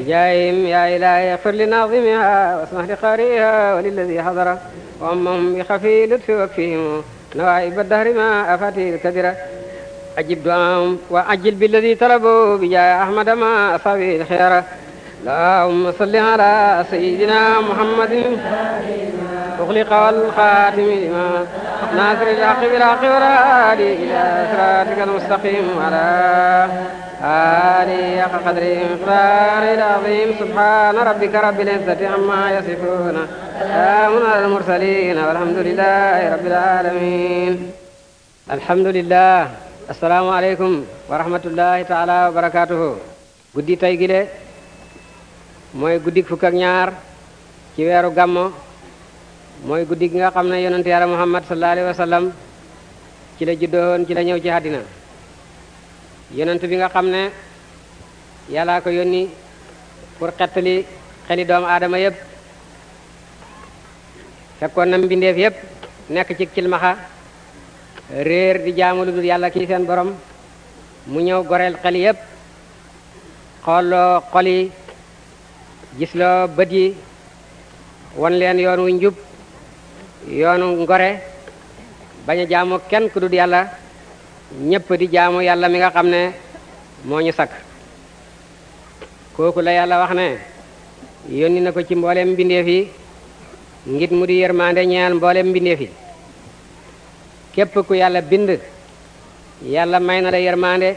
بجاههم يا إلهي اغفر لناظمها واسمح لقارئها وللذي حضر وأمهم بخفي لطف وكفهم نوائب الدهر ما أفاتي الكدرة أجب دعاهم وأجل بالذي طلبوا بجاه أحمد ما أصابي الخيرة اللهم صل على سيدنا محمد أغلق والخاتم لما ناصر الحق بالحق والهادي إلى صراطك المستقيم على هذه حق قدره مقداره العظيم سبحان ربك رب العزة عما يصفون سلام على المرسلين والحمد لله رب العالمين الحمد لله السلام عليكم ورحمة الله تعالى وبركاته guddi tey gile mooy guddik fukk ak ñaar ci weeru gàmmo mooy guddi gi nga xam ne yonent yàlla muhammad sallallahu alayhi ci la juddoon ci la ñëw ci àddina yonent bi nga xam ne yàllaa ko yónni pour xettali xeli doomu aadama yëpp fekkoon na mbindeef yëpp nekk ci cilmaxa réer di jaamu lu yàlla kii seen borom mu ñëw goreel xel yëpp xooloo xol yi gisloo bët yi won leen yoon wu njub yoonu ngore bañ a jaamu kenn ku yàlla ñépp di jaamu yàlla mi nga xam ne moo ñu sakk kooku la yàlla wax ne yónni na ko ci mboolem mbindeef yi ngir mu di yërmande ñeel mbooleem mbindeef yi képp ku yàlla bind yàlla may na la yërmande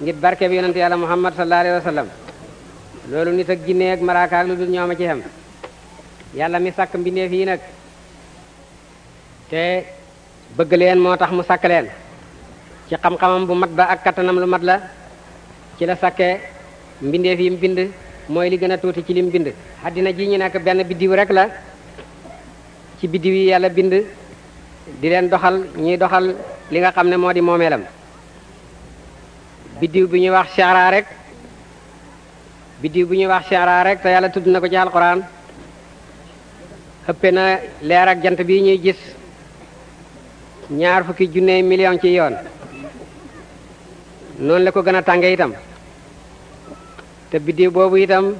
ngir barke bi yonent yàlla muhammad sallallahu alayhi wa sallam loolu nit ak jinne ak maraaka lu dul ñooma ci xam yàlla mi sàkk mbindeef yi nag te bëgg leen moo tax mu sàkk leen ci xam-xamam bu mat ba ak kattanam lu mat la ci la sàkkee mbindeef yi mu bind mooy li gën a tuuti ci li mu bind àddina ji ñu nekk benn biddiw rek la ci biddiw yi yàlla bind di leen doxal ñuy doxal li nga xam ne moo di moomeelam biddiw bi ñuy wax chara rek biddiw bi ñuy wax chara rek te yàlla tudd na ko ci alquran xëppe na leer ak jant bi ñuy gis ñaar fukki junne million ci yoon noonu la ko gën a tànge itam te biddiw boobu itam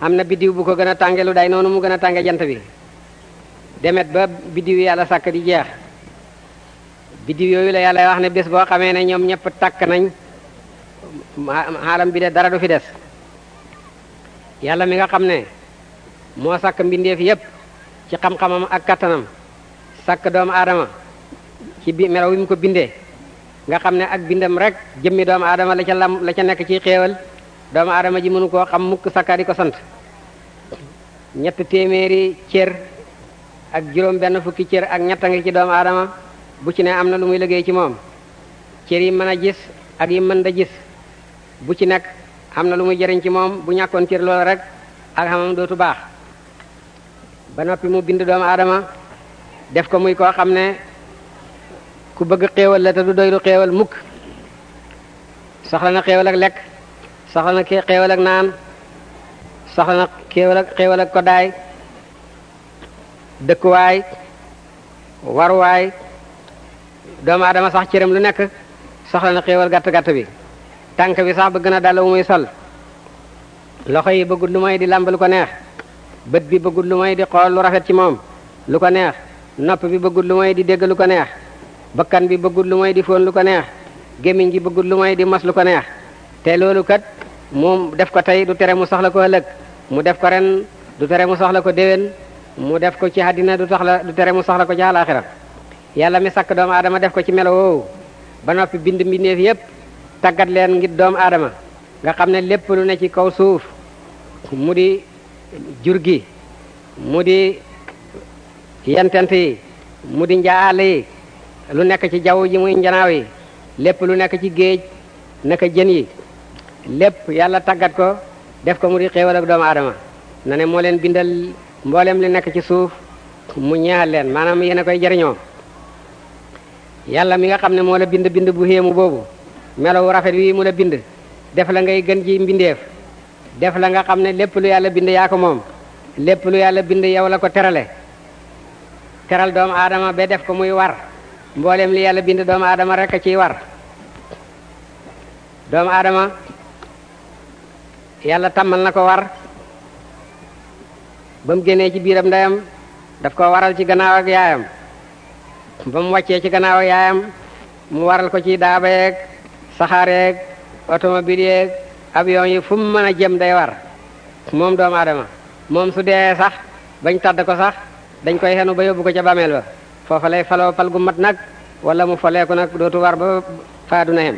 am na biddiw bu ko gën a tànge day noonu mu gën a tànge jant bi demet ba biddiw yàlla sàkk di jeex biddiw yooyu la yàlla wax ne bés boo xamee ne ñoom ñëpp takk nañ xaalam bi de dara du fi des yàlla mi nga xam ne moo sàkk mbindeef yépp ci xam-xamam ak kattanam sàkk doomu aadama ci bi melaw wi mu ko bindee nga xam ne ak bindam rek jëmmi doomu aadama la ca lam la ca nekk ci xeewal doomu aadama ji mënu koo xam mukk sakka ko sant ñett téeméeri cër ak juróom benn fukki cër ak ñett a ngi ci doomu aadama bu ci ne am na lu muy liggéey ci moom cër yi mën a jis ak yi mën da gis bu ci nekk am na lu muy jëriñ ci moom bu ñàkkoon cër loolu rek ak xamam dootu baax ba noppi mu bind doomu aadama def ko muy koo xam ne ku bëgg xéewal la te du doylu xéewal mukk soxla na xéewal ak lekk soxla na xéewal ak naan soxla na xéewal ak xéewal ak kodaay dëkkuwaay waruwaay doomu aadama sax cëram lu nekk soxla na xéewal gàtt-gàtt bi tànk bi sax bëgg na dàll wu sol loxo yi bëggul lu may di làmb lu ko neex bët bi bëggul lu may di xool lu rafet ci moom lu ko neex nopp bi bëggul lu may di dégg lu ko neex bakkan bi bëggul lu may di foon lu ko neex gémmiñ gi bëggul lu may di mas lu ko neex te loolu kat moom def ko tey du tere mu soxla ko ëllëg mu def ko ren du tere mu soxla ko déwén mu def ko ci àddina du soxla du tere mu soxla ko ci àllaaxira yàlla mi sakk doom aadama def ko ci melo woowu ba noppi bind mbindeef yépp tàggat leen ngir doomu aadama nga xam ne lépp ne ci kaw suuf mu di jur gi mu di yentent yi mu di njaal yi lu nekk ci jaww ji muy njanaaw yi lépp lu nekk ci géej naka jën yi lépp yàlla tàggat ko def ko mu di xéewal doomu aadama na ne moo leen bindal mboolem li nekk ci suuf mu ñaal leen maanaam yéen a koy jariñoo yàlla mi nga xam ne moo la bind bind bu xéemu boobu melowu rafet wi mu la bind def la ngay gën ji mbindeef def la nga xam ne lépp lu yàlla bind yaa ko moom lépp lu yàlla bind yow la ko terale teral doomu aadama ba def ko muy war mboolem li yàlla bind doomu aadama rek a ciy war doomu aadama yàlla tàmmal na ko war ba mu génnee ci biiram ndeyam daf ko waral ci gannaaw ak yaayam ba mu wàccee ci gannaaw ak yaayam mu waral ko ci daaba yeeg saxaar yeeg otomobile yeeg avion yi fu mu mën a jëm day war moom doomu aadama moom su dee sax bañ tàdd ko sax dañ koy xenu ba yóbbu ko ca bàmmeel ba foofa lay faloo fal gu mat nag wala mu ko nag dootu war ba faadu na yem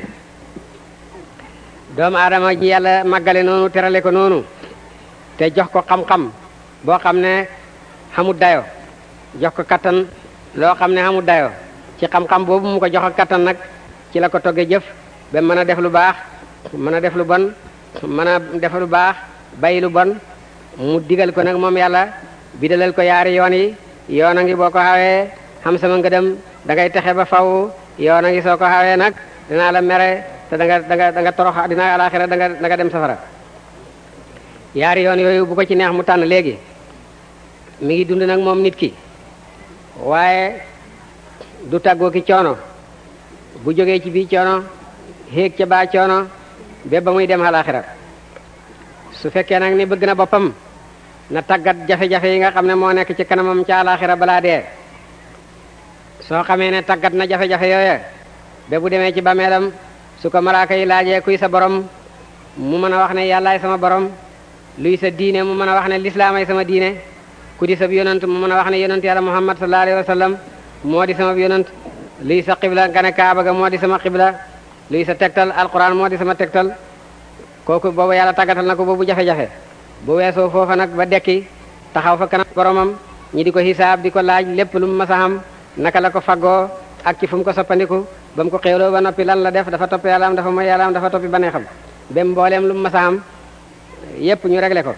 doomu aadama ji yàlla màggale noonu terale ko noonu te jox ko xam-xam boo xam ne xamut dayo jox ko kattan loo xam ne xamut dayo ci xam-xam boobu mu ko jox ak kattan nag ci la ko togge jëf ba mën a def lu baax mën a def lu bon mën a def lu baax bàyyi lu bon mu digal ko nag moom yàlla bidalal ko yaari yoon yi yoon a ngi boo ko xawee xam sama ngëdëm da ngay texe ba faw yoon a ngi soo ko xawee nag dinaa la mere te da nga da nga da nga torox dinaa alaxira da dem safara yaari yoon yooyu bu ci neex mu tànn léegi mi ngi dund nag moom nit ki waaye du tàggoo ki coono bu jógee ci bii coono xéeg ca baa coono bé ba muy dem alaxira su fekkee nag ni bëgg na boppam na tàggat jafe-jafe yi nga xam ne moo nekk ci kanamam ca alaxira balaa dee soo xamee ne tàggat na jafe-jafe yooya ba bu demee ci bameelam su ko malaaka yi laajee kuy sa borom mu mën a wax ne yàllaay sama borom luy sa diine mu mën a wax ne lislaamay sama diine ku di sab yonant mu mën a wax ne yonant yàlla muhammad sallallahu alayhi wa sallam moo di sama yonant luy sa xibla nga ne kaaba ga moo di sama xibla luy sa tegtal alquran moo di sama tegtal kooku boobu yàlla tàggatal na ko boobu jafe-jafe bu weesoo foofa nag ba dekki taxaw fa kanam boromam ñi di ko hisaab di ko laaj lépp lu mu masa xam naka la ko faggoo ak ci fu mu ko soppandiku ba mu ko xéewloo ba noppi lan la def dafa topp yàllaam dafa mooy yàllaam dafa toppi baneexam ba mbooleem lu mu yépp ñu réglé ko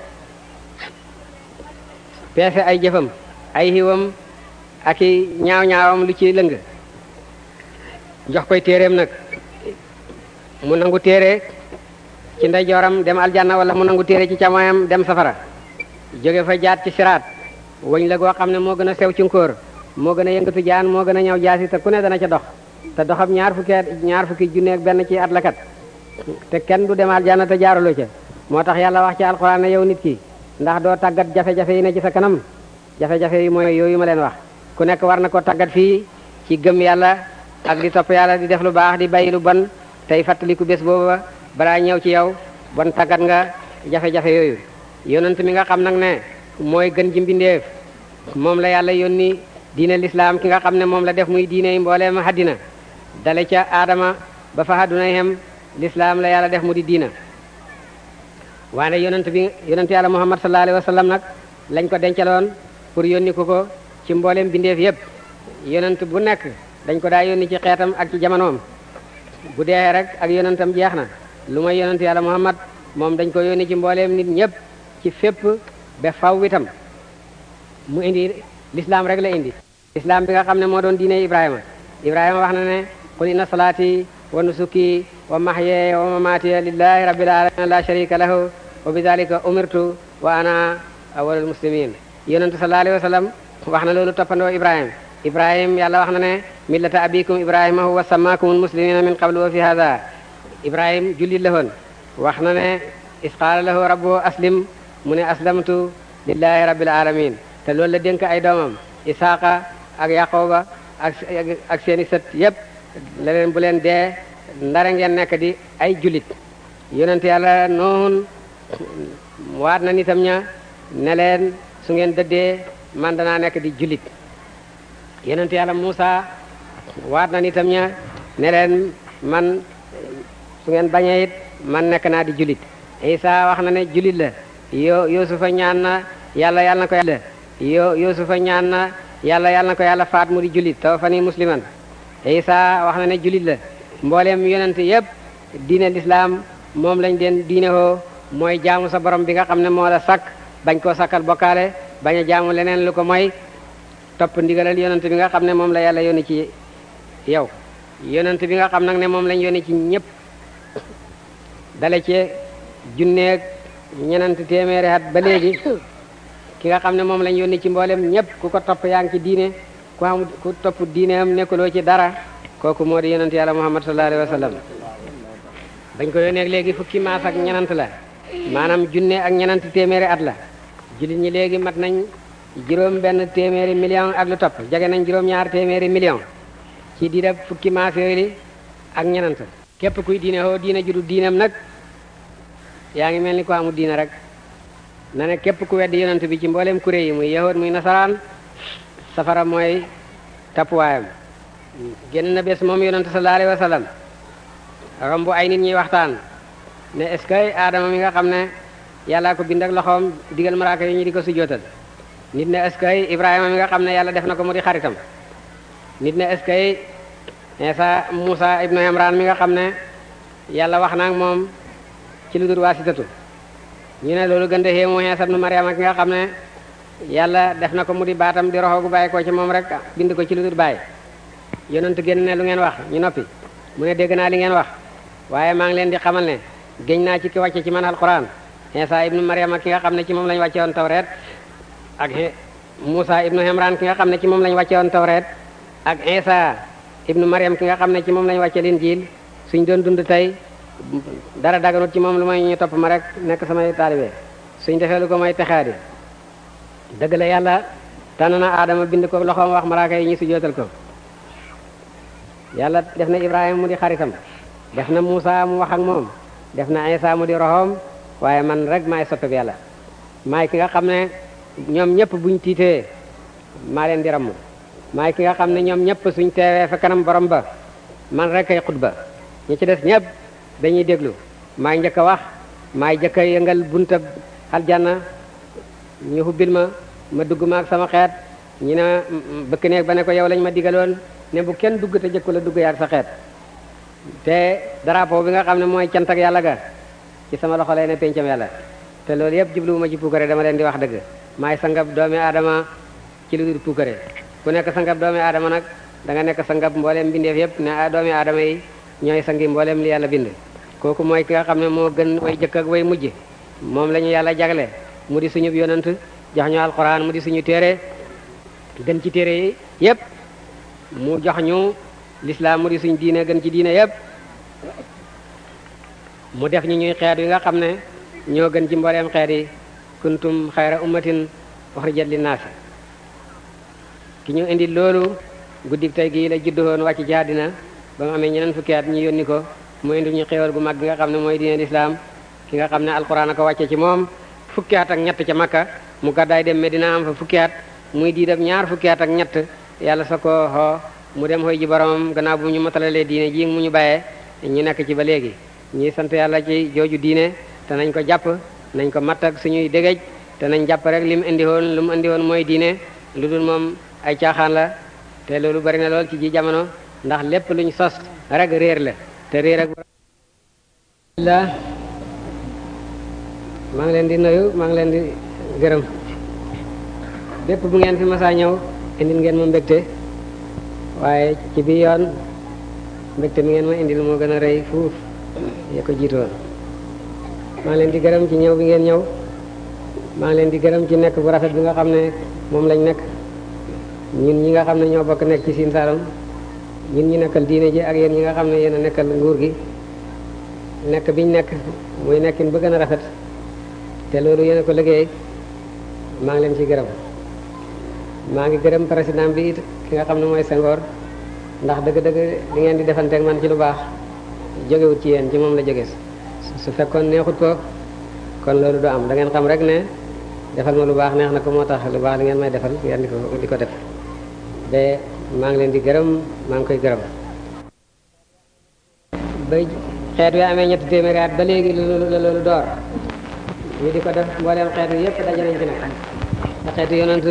peese ay jëfam ay xiwam ak i ñaaw-ñaawam lu ci lëng jox koy téeréem nag mu nangu téere ci ndeyjooram dem aljanna wala mu nangu téere ci càmmoñam dem safara jóge fa jaat ci siraat wëñ la goo xam ne moo gën a sew ci moo gën a yëngatu jaan moo gën a ñëw jaasi te ku ne dana ca dox te doxam ñaar fukki ñaar fukki junne ak benn ci at la te kenn du demaal jànna te jaaraloo ca moo tax yàlla wax ci alxuraan na yow nit ki ndax doo tàggat jafe-jafe yi ne ci sa kanam jafe-jafe yi mooy yooyu ma leen wax ku nekk war na ko tàggat fii ci gëm yàlla ak di topp yàlla di def lu baax di bàyyi lu bon tey fàttaliku bés booba balaa ñëw ci yow bon tàggat nga jafe-jafe yooyu yonent nga xam nag ne mooy gën ji mbindeef moom la yàlla yónni diine lislaam ki nga xam ne moom la def muy diine yi mbooleem àddina dale ca aadama ba fa àdduna yem lislaam la yàlla def mu di diina waane yonent bi yonent yàlla muhammad sallallahu alayhi wa sallam nag lañ ko dencaloon pour yónni ko ko ci mbooleem bindeef yépp yonent bu nekk dañ ko daa yónni ci xeetam ak ci bu dee rek ak yonentam jeex na lu may yonent yàlla muhammad moom dañ ko yónni ci mbooleem nit ñépp ci fépp ba faw itam mu indi l'islam rek la indi l'islam bi nga xam ne moo doon diine ibrahima ibrahima wax na ne qul inna salaati wa nusuki wa mahyeya wa mamatiya lillahi rabbil alamin la sharika lahu wa bidhalika umirtu wa ana awwalul muslimin yonentu sallallahu alayhi wa sallam wax na loolu toppandoo ibrahima ibrahim yàlla wax na ne millata abikum ibrahima huwa sammakumul muslimina min qablu wa fi hadha ibrahim jullit la woon wax na ne isqaala lahu rabbuhu aslim mu ne aslamtu lillahi rabbil alamin te loolu la dénk ay doomam isaaqa ak yaqooba ak ak seeni sët yépp la bu leen dee ndara ngeen nekk di ay julit yonent yàlla noohun waat na nitam ña ne su ngeen dëddee man danaa nekk di julit yonent yàlla Muusa waat na nitam ña ne man su ngeen bañee it man nekk naa di julit Isa wax na ne julit la yo Yuusufa ñaan na yàlla yàlla na ko yàlla yo fa ñaan na yàlla yàlla na ko yàlla faat mu di jullit tawafani musliman isa wax na ne jullit la mbooleem yonent yépp diine lislaam moom lañ den diine woo mooy jaamu sa borom bi nga xam ne moo la sakk bañ koo sakkal bokkaale bañ a jaamu leneen lu ko moy topp ndigalal yonent bi nga xam ne moom la yàlla yónni ci yow yonent bi nga xam nag ne moom lañ yónni ci ñépp dale ci junneeg ñenent téeméeri at ba léegi ki nga xam ne moom lañ yónni ci mboolem ñëpp ku ko topp yaa ngi ci diine ku am ku topp diine am nekkuloo ci dara kooku moo di yonent yàlla muhammad sallallahu alayhi bañ ko yónnee léegi fukki maas ak ñenant la maanaam junne ak ñenant téeméeri at la jullit ñi léegi mat nañ juróom benn téeméeri million ak lu topp jege nañ juróom ñaar téeméeri million ci diirab fukki maas yooyu li ak ñenant képp kuy diine hoo diine ju du diinam nag yaa ngi mel ni ko amul diine rek na ne képp ku di yonent bi ci mbooleem kuré yi muy yahood muy nasaraan safara mooy tappuwaayam génn na bés moom yonent sallallahu alayhi wa sallam romb ay nit ñuy waxtaan ne est-ce que aadama mi nga xam ne yàllaa ko bind ak loxoom digal maraaka yi ñu di ko sujjootal nit ne est ibrahima mi nga xam ne yàlla def na ko mu di xaritam nit ne est-ce que Isa Musa ibnu Imran mi nga xam ne yàlla wax na ak moom ci lu dul waasitatu ñu ne loolu gën de xee mooy Iisaa ibnu Maryam ki nga xam ne yàlla def na ko mu di baatam di roxo gu bàyyi koo ci moom rek bind ko ci lu dul bàyyi yonent génn ne lu ngeen wax ñu noppi mu ne dégg naa li ngeen wax waaye maa ngi leen di xamal ne géñ naa ci ki wàcce ci man alquran Iisaa ibnu Maryam ki nga xam ne ci moom la ñu wàcce woon tawreet ak Muusaa ibnu Imraan ki nga xam ne ci moom la ñu wàcce woon tawreet ak Iisaa ibnu Maryam ki nga xam ne ci moom la ñu wàcce linjiil suñ doon dund tey dara daganut ci moom lu may ñu topp ma rek nekk samay taalibe suñ defee lu ko may texaadi dëgg la yàlla tànn na aadama bind ko loxoom wax malaaka yi ñu sujootal ko yàlla def na ibrahima mu di xaritam def na Muusa mu wax ak moom def na ay mu di roxoom waaye man rek maay soppe bi yàlla maay ki nga xam ne ñoom ñëpp buñ tiitee maa leen di ramm maay ki nga xam ne ñoom ñëpp suñ teewee fa kanam borom ba man rek ay xutba ñi ci def ñëpp dañuy déglu maay njëkk a wax maay njëkk a yëngal buntab aljanna ñu hubbil ma ma dugg ma ak sama xeet ñu ne bëkk neeg ba ne ko yow lañ ma digaloon ne bu kenn dugg te jëkku la dugg yaag sa xeet te drapeau bi nga xam ne mooy cantag yàlla ga ci sama loxo lay ne pencam yàlla te loolu yëpp jubluwuma ci puukare dama leen di wax dëgg maay sangab doomi aadama ci lu dul puukare ku nekk sangab doomi aadama nag danga nekk nekk sangab mbooleem mbindeef yëpp ne ah, doomi aadama yi ñooy sangi mbooleem li yàlla bind kooku mooy ki nga xam ne moo gën way jëkk ak way mujj moom la yàlla jagle mu di suñu yonant jox ñu alquran mu di suñu téere gën ci téere yi yépp mu jox ñu lislaam mu di suñ diine gën ci diine yépp mu def ñu ñuy xeet yi nga xam ne ñoo gën ci mbooleem xeet yi kuntum xayra ummatin uxrijat linnaasi ki ñu indi loolu guddik tey gii la juddu woon wàcc ci àddina ba mu amee ñeneen fukki at ñu yónni ko mu indi ñu xéewal gu mag gi nga xam ne mooy diine lislaam ki nga xam ne alquran ko wàcce ci moom fukki at ak ñett ca makka mu gàddaay dem dina am fa fukki at muy diidab ñaar fukki at ak ñett yàlla sa ko xoo mu dem xooy ji boromam gannaaw bu ñu matalalee diine ji mu ñu bàyyee ñu nekk ci ba léegi ñuy sant yàlla ci jooju diine te nañ ko jàpp nañ ko matt ak suñuy dégej te nañ jàpp rek li mu indi woon lu mu indi woon mooy diine lu dul moom ay caaxaan te loolu bari na lool ci jamono ndax lépp luñ sos rek réer la te réer ak la maa ngi leen di nuyu maa ngi leen di gërëm bépp bu ngeen fi masaa ñëw indil ngeen ma mbégte waaye ci bi yoon mbégte mi ngeen ma indil moo gën a rëy fuuf ko jiitoon maa ngi leen di gërëm ci ñëw bi ngeen ñëw maa ngi leen di gërëm ci nekk bu rafet bi nga xam ne moom lañ nekk ñun ñi nga xam ne ñoo bokk nekk ci Sine Saloum ñun ñi nekkal diine ji ak yéen ñi nga xam ne yéen a nekkal nguur gi nekk biñ nekk muy nekkin ba gën a rafet te loolu yéen ko liggéey maa ngi leen ci gërëm maa ngi gërëm président bi it ki nga xam ne mooy Senghor ndax dëgg-dëgg li ngeen di defanteeg man ci lu baax jógewut ci yéen ci moom la jóge su fekkoon neexut ko kon loolu du am da ngeen xam rek ne defal ma lu baax neex na ko moo tax lu baax li ngeen may defal ngeen ko di ko def maa ngi leen di gërëm maa ngi koy gërëm ba xeet wi amee ñetti téeméeri ba léegi loolu loolu door ñu di ko def mbooleem xeet wi yëpp daje nañ ci nag te xeetu yonent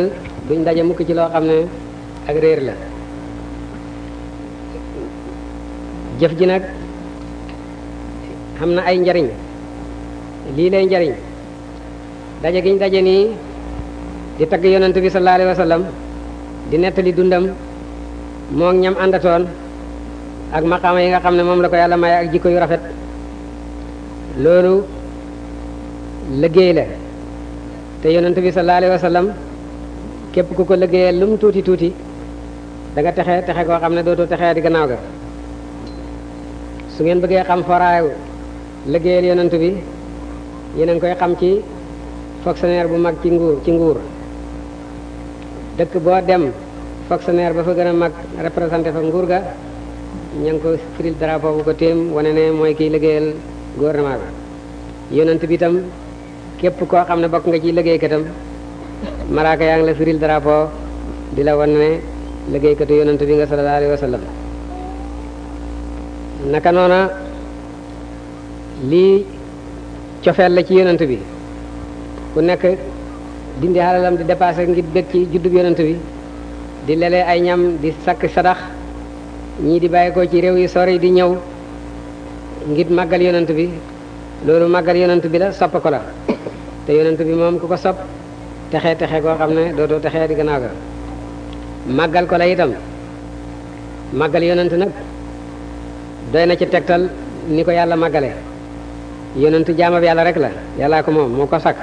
duñ daje mukk ci loo xam ne ak réer la jëf ji nag xam na ay njariñ lii lay njariñ daje giñ daje nii di tagg yonent bi sallallahu alayhi wa di nettali dundam moo ñam àndatoon ak maqaama yi nga xam ne moom la ko yàlla maye ak jikko yu rafet loolu liggéey la te yonent bi sa alayhi wa sallam képp ku ko liggéeyee lu tuuti tuuti danga texe texe koo xam ne dootoo texee di gannaaw ga su ngeen bëggee xam foraayu liggéeyal yonent bi yéen a koy xam ci fonctionnaire bu mag ci nguur ci nguur dëkk boo dem fonctionnaire ba fa gën a mag représenté fa nguur ga ña ngi ko firil drapeau bu ko téem wane ne mooy kiy liggéeyal gouvernement bi yonent képp koo xam ne bokk nga ci liggéeykatam malaaka yaa ngi la firil drapeau di la wan ne liggéeykatu yonent bi nga sallallahu alayhi wa noona lii cofeel la ci yonent bi ku nekk dindi xalalam di dépassé ngir bëgg ci juddub yonent bi di lele ay ñam di sakk sadax ñii di bàyyi ko ci réew yu sori di ñëw ngir màggal yonent bi loolu màggal yonent bi la sopp ko la te yonent bi moom ku ko sopp texe texe koo xam ne dootoo texee di gannaaw ga màggal ko la itam màggal yonent nag doy na ci tegtal ni ko yàlla màggale yonent jaamab yàlla rek la yàllaa ko moom moo ko sakk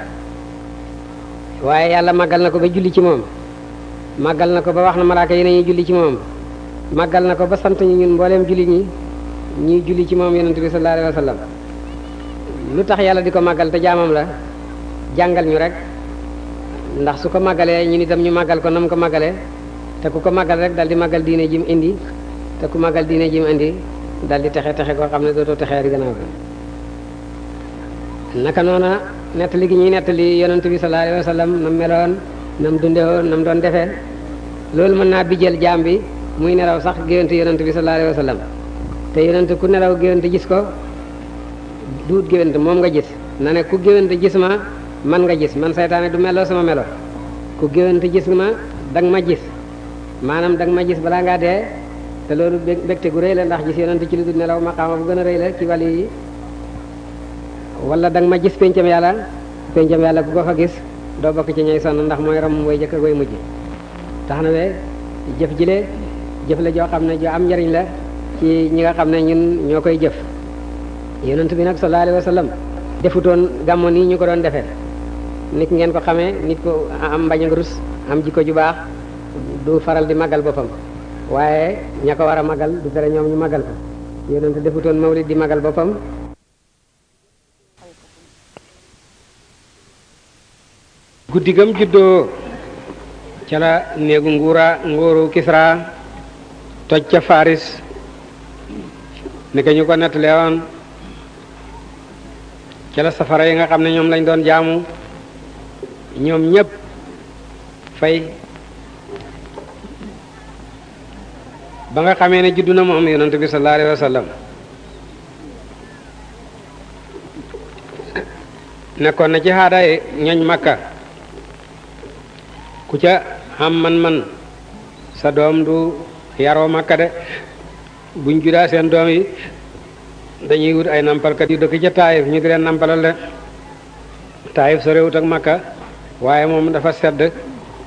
waaye yàlla màggal na ko ba julli ci moom màggal na ko ba wax na malaaka yi ñuy julli ci moom màggal na ko ba sant ñu ñun mbooleem julli ñi ñuy julli ci moom yonent bi sallallahu alayhi lu tax yàlla di ko màggal te jaamam la jàngal ñu rek ndax su ko màggalee ñu nitam ñu màggal ko nam ko màggalee te ku ko màggal rek dal di màggal diine jim indi te ku màggal diine ji mu indi dal di texe texe koo xam ne dootoo texee di gannaaw bi naka noona nettali gi ñuy nettali yonent bi sallallahu alayhi wa nam dundewoo nam doon defee loolu mën naa bijjal jaam bi muy nelaw sax géwante yonent bi sallallahu alayhi wa sallam te yonent ku nelaw géwante gis ko duut géwante moom nga jis na ne ku géwante gis ma man nga gis man saytaane du meloo sama melo ku géwante gis ma danga ma gis maanaam danga ma jis balaa ngaa dee te loolu mbégte gu rëy la ndax gis yonent ci lu dul ma maqaama bu gën a rëy la ci wàll yi wala danga ma gis pencam yàlla pencam yàlla ku ko fa gis doo bokk ci ñay sonn ndax mooy rom way jëkk ak way mujj tax na we jëf jile jëf la joo xam ne joo am njariñ la ci ñi nga xam ne ñun ñoo koy jëf yonent bi nag sallallahu alayhi wa sallam defutoon gàmmo nii ñu ko doon defee nit ngeen ko xamee nit ko am mbañ ak rus am jikko ju baax du faral di màggal boppam waaye ña ko war a magal du tere ñoom ñu màggal ko yonent defutoon mawlid di magal boppam guddi gam juddoo ca la néegu nguura nguuru Kisra toj ca Faris ni ñu ko nettalee woon ca la safara yi nga xam ne ñoom lañ doon jaamu ñoom ñépp fay ba nga xamee ne juddu na moom yonent bi sallallahu alayhi nekkoon na ci xaadaay ñooñ Makka ku ca am man-man sa doom du yaroo makka de buñ judaa seen doom yi dañuy wut ay nampalkat yu dëkk ca taayif ñu di leen nampalal de taayif sa réewut makka waaye moom dafa sedd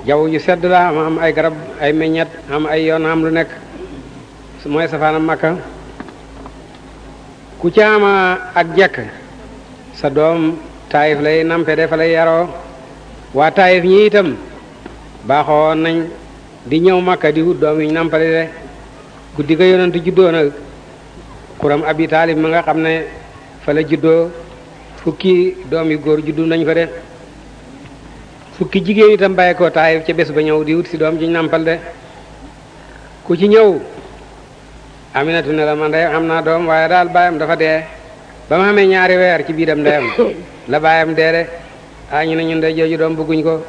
jaww ju sedd la am am ay garab ay meññet am ay yoon am lu nekk mooy safaanam makka ku ca ama ak jekk sa doom taayif lay nampe de fa lay yaroo waa taayif ñi itam baaxoo nañ di ñëw Makka di wut doom yi ñu nampale de guddi ga yonent juddoo nag kuram abi taalib ma nga xam ne fa la juddoo fukki doom yu góor juddu nañ fa de fukki jigéen itam bàyyi ko taayif ca bés ba ñëw di wut si doom ji ñu nampal de ku ci ñëw aminatu ne la ma am naa doom waaye daal baayam dafa dee ba ma ñaari weer ci biiram ndeyam la baayam dee de ah ñu ne ñun de jooju doom bëgguñ ko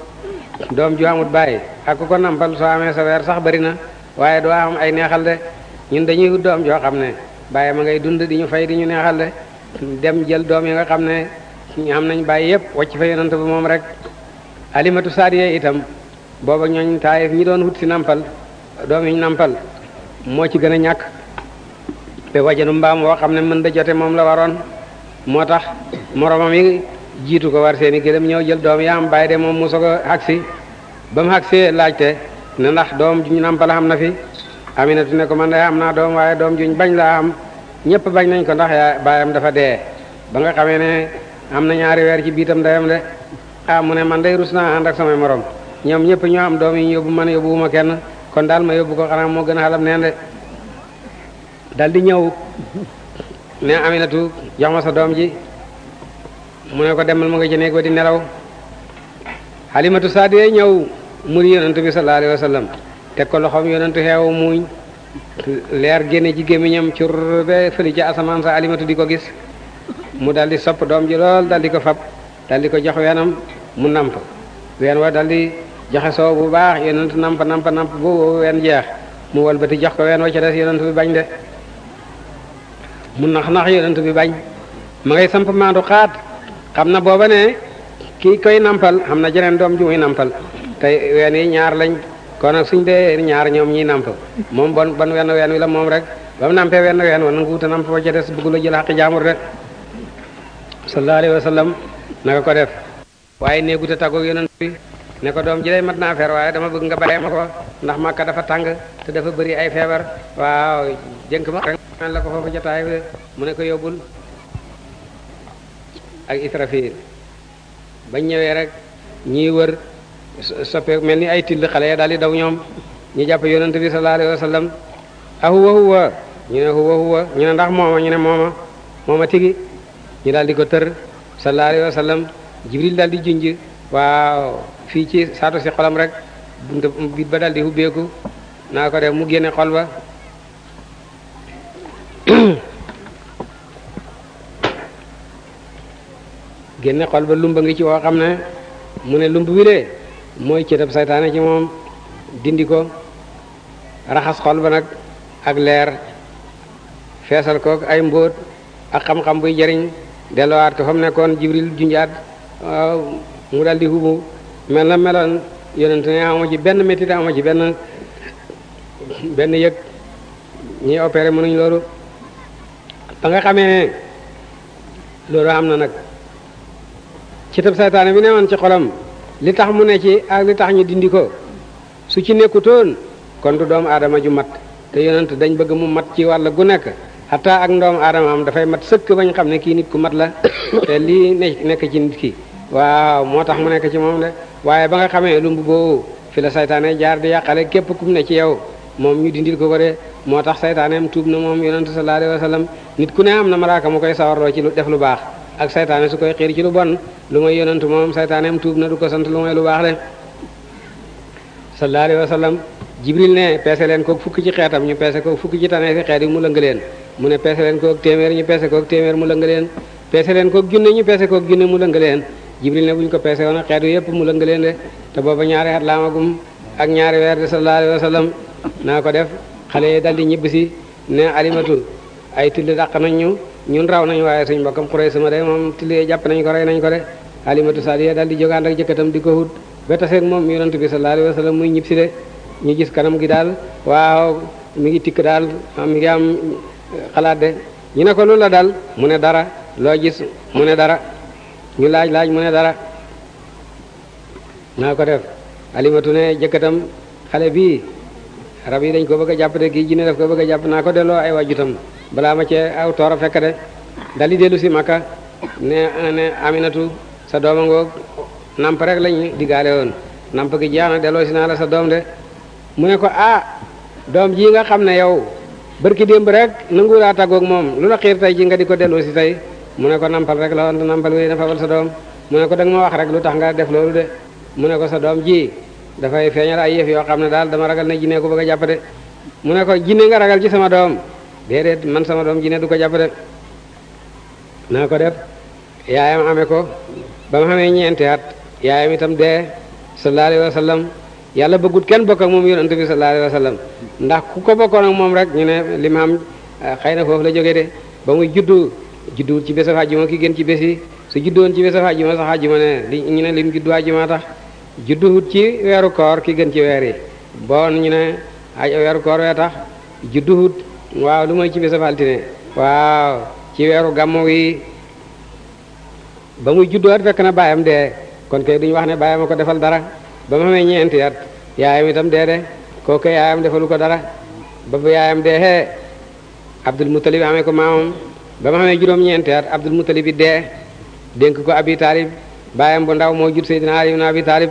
doom ju amut bàyyi ak ku ko nampal soo amee sa weer sax bari na waaye doo am ay neexal de ñun dañuy wut doom joo xam ne bàyyi ma ngay dund di ñu fay di ñu neexal de dem jël doom yi nga xam ne ñu am nañ bàyyi yépp wacc fa yonent ba moom rek alimatu saadiya itam booba ñooñ taayif ñi doon wut si nampal doom yi ñu nampal moo ci gën a ñàkk te wajanu mbaam woo xam ne mën da jote moom la waroon moo tax moromam yi jiitu ko war seeni gëlëm ñëw jël doom yaam bàyyi de moom mu soog a agsi ba mu agsee laajte ne ndax doom juñ nàmpal xam na fi Aminatu ne ko man de am naa doom waaye doom juñ bañ laa am ñëpp bañ nañ ko ndax yaa dafa dee ba nga xamee ne am na ñaari weer ci biitam ndeyam de ah mu ne man day rus naa ànd ak samay morom ñoom ñëpp ñoo am doom yi yóbbu man yóbbuwuma kenn kon daal ma yóbbu ko xanaa moo gën a xalam neen de dal di ñëw ne Aminatu jox ma sa doom ji mu ne ko demal ma nga ci néeg ba di nelaw xalimatu saadiya ñëw muri yonantu bi sallallahu alayhi wa sallam teg ko loxoom yonantu xeew muuñ leer génne ci gémmiñam cur be fëli ca asamaan sa alimatu di ko gis mu daldi sopp doom ji lool daldi ko fab daldi ko jox weenam mu namp ween wa daldi joxe soow bu baax yonantu namp namp namp bu ween jeex mu walbati jox ko wen wa ca des bi bañ de mu nax nax yonantu bi bañ ma ngay samp maandu xaat xam na booba ne kii koy nampal xam na jeneen doom ju muy nampal te ween yi ñaar lañ kon nag suñ dee ñaar ñoom ñiy namp moom bon ban wenn ween wi la moom rek ba mu nampee wenn ween wan nga wuta namp ba ca des bëggula jël xaqi jaamur rek sallallahu ko waaye néeguta taggoog yonent bi ne ko doom ji day naa feer waaye dama bëgg nga bàyyi ma ko ndax màkka dafa tàng te dafa bëri ay feebar waaw jënk la ko foofu jotaay mu ne ko yóbbul ak Israfil bañ ñëwee rek ñiy wër soppe mel ni ay till xale ya daal di daw ñoom ñu jàpp yonent bi sallallahu alayhi wa sallam huwa ñu ne huwa huwa ñu ndax mooma ñu mooma mooma tigi ñu daal di ko tër sallallahu alayhi wa jibril daal di junj waaw fii ci saatu si xolam rek bit ba daal di hubbeeku naa ko def mu génne xol ba génne xol ba lumba ngi ci woo xam ne mu ne lumb wi mooy mooy cëtab seytaane ci moom dindi ko raxas xol ba nag ak leer feesal ko ay mbóot ak xam-xam buy jariñ delluwaat ko fa mu nekkoon jibril junjaat waaw mu daldi hubu mel na meloon yonent ne ama benn métit ama ci benn benn yëg ñi opéré mënuñ loolu ba nga xamee loolu am na nag ci tëb saytaane bi ne woon ci xolam li tax mu ne ci ak li tax ñu dindi ko su ci nekkutoon kon du doomu aadama ju mat te yonent dañ bëgg mu mat ci wàll gu nekk xataa ak ndoomu aadama am dafay mat sëkk bañ xam ne kii nit ku mat la te lii nekk ci nit ki waaw moo tax mu nekk ci moom de waaye ba nga xamee lu mbubboo fi la saytaane jaar di yàqale képp kum ne ci yow moom ñu dindil ko ko de moo tax saytaaneem tuub na moom yonent sallallahu alayhi wa sallam nit ku ne am na malaaka mu koy sawarloo ci lu def lu baax ak seytaane su koy xiir ci lu bon lu may yonent moom saytaaneem tuub na du ko sant lu may lu baax de sallallahu alayhi wa sallam jibril ne peese leen kook fukki ci xeetam ñu peese kook fukki ci tane si xeet yi mu lëng leen mu ne peese leen kook téeméer ñu peese kook téeméer mu lëng leen peese leen kook junne ñu peese kook junne mu lëng leen jibril ne bu ñu ko peese woon a xeet yépp mu lëng leen de te booba ñaari at laamagum ak ñaari weer de sallallahu naa ko def xale yi daldi ñibbisi ne alimatu ay tudd dàq nañ ñu ñun raw nañu waaye suñ mbokkam xurey sama de moom tiliyee jàpp nañ ko rey nañ ko de alimatu sadiya daal di jógaan ak jëkkatam di ko wut ba taseeg moom yonent bi sallallahu alayhi wa sallam muy ñib si de ñu gis kanam gi daal waaw mi ngi tikk daal ah, mi ngi am xalaat de ñu ne ko lu la daal mu ne dara loo gis mu ne dara ñu laaj laaj mu ne dara naa ko def alimatu ne jëkkatam xale bii rab yi dañ ko bëgg jàpp de kii jinne daf ko bëgg jàpp naa ko delloo ay wajutam balaa ma cee aw toor a fekk de dal di dellu si Makka ne ne Aminatu sa dooma ngoog namp rek lañu diggaale woon namp gi jaana delloo si naa la sa doom de mu ne ko ah doom ji nga xam ne yow bërki démb rek nangu laa tàggoog moom lu la xiir tey ji nga di ko delloo si tey mu ne ko nampal rek la woon te nampal wéy na fabal sa doom mu ne ko da nga ma wax rek lu tax nga def loolu de mu ne ko sa doom ji dafay feeñal ay yëf yoo xam ne daal dama ragal ne jinne ko bëgg a mu ne ko nga ragal ci sama doom déedéet man sama doom ji ne du ko jàpp de naa ko def yaayam amee ko ba mu xamee ñeenti at yaayam itam dee sallallahu alayhi wa sallam yàlla bëggut kenn bokk ak moom yonent bi sallallahu alayhi wa sallam ndax ku ko bokkoon ak moom rek ñu ne li mu xam eh, xëy na foofu la jóge de ba muy juddu judduwul ci bés a xaajuma ki gën ci bés su juddoon ci bés a sa sax xaajuma ne li ñu ne lim juddu xaajuma tax judduwut ci weeru koor ki gën ci weer yi bon ñu ne ay weeru koor tax judduwut waaw lu mooy ci bisab altine waaw ci weeru gàmmu wi ba muy juddoot fekk na baayam dee kon kay duñu wax ne baayam a ko defal dara ba mu amee ñeenti at yaayam itam dee de kooku yaayam defalu ko dara ba bu yaayam dee hee Abdul Muttalib amee ko maamam ba mu amee juróom ñeenti at Abdul Muttalib bi dee dénk ko Abi Taalib baayam bu ndaw moo jur Seydina Ali ibn Abi Taalib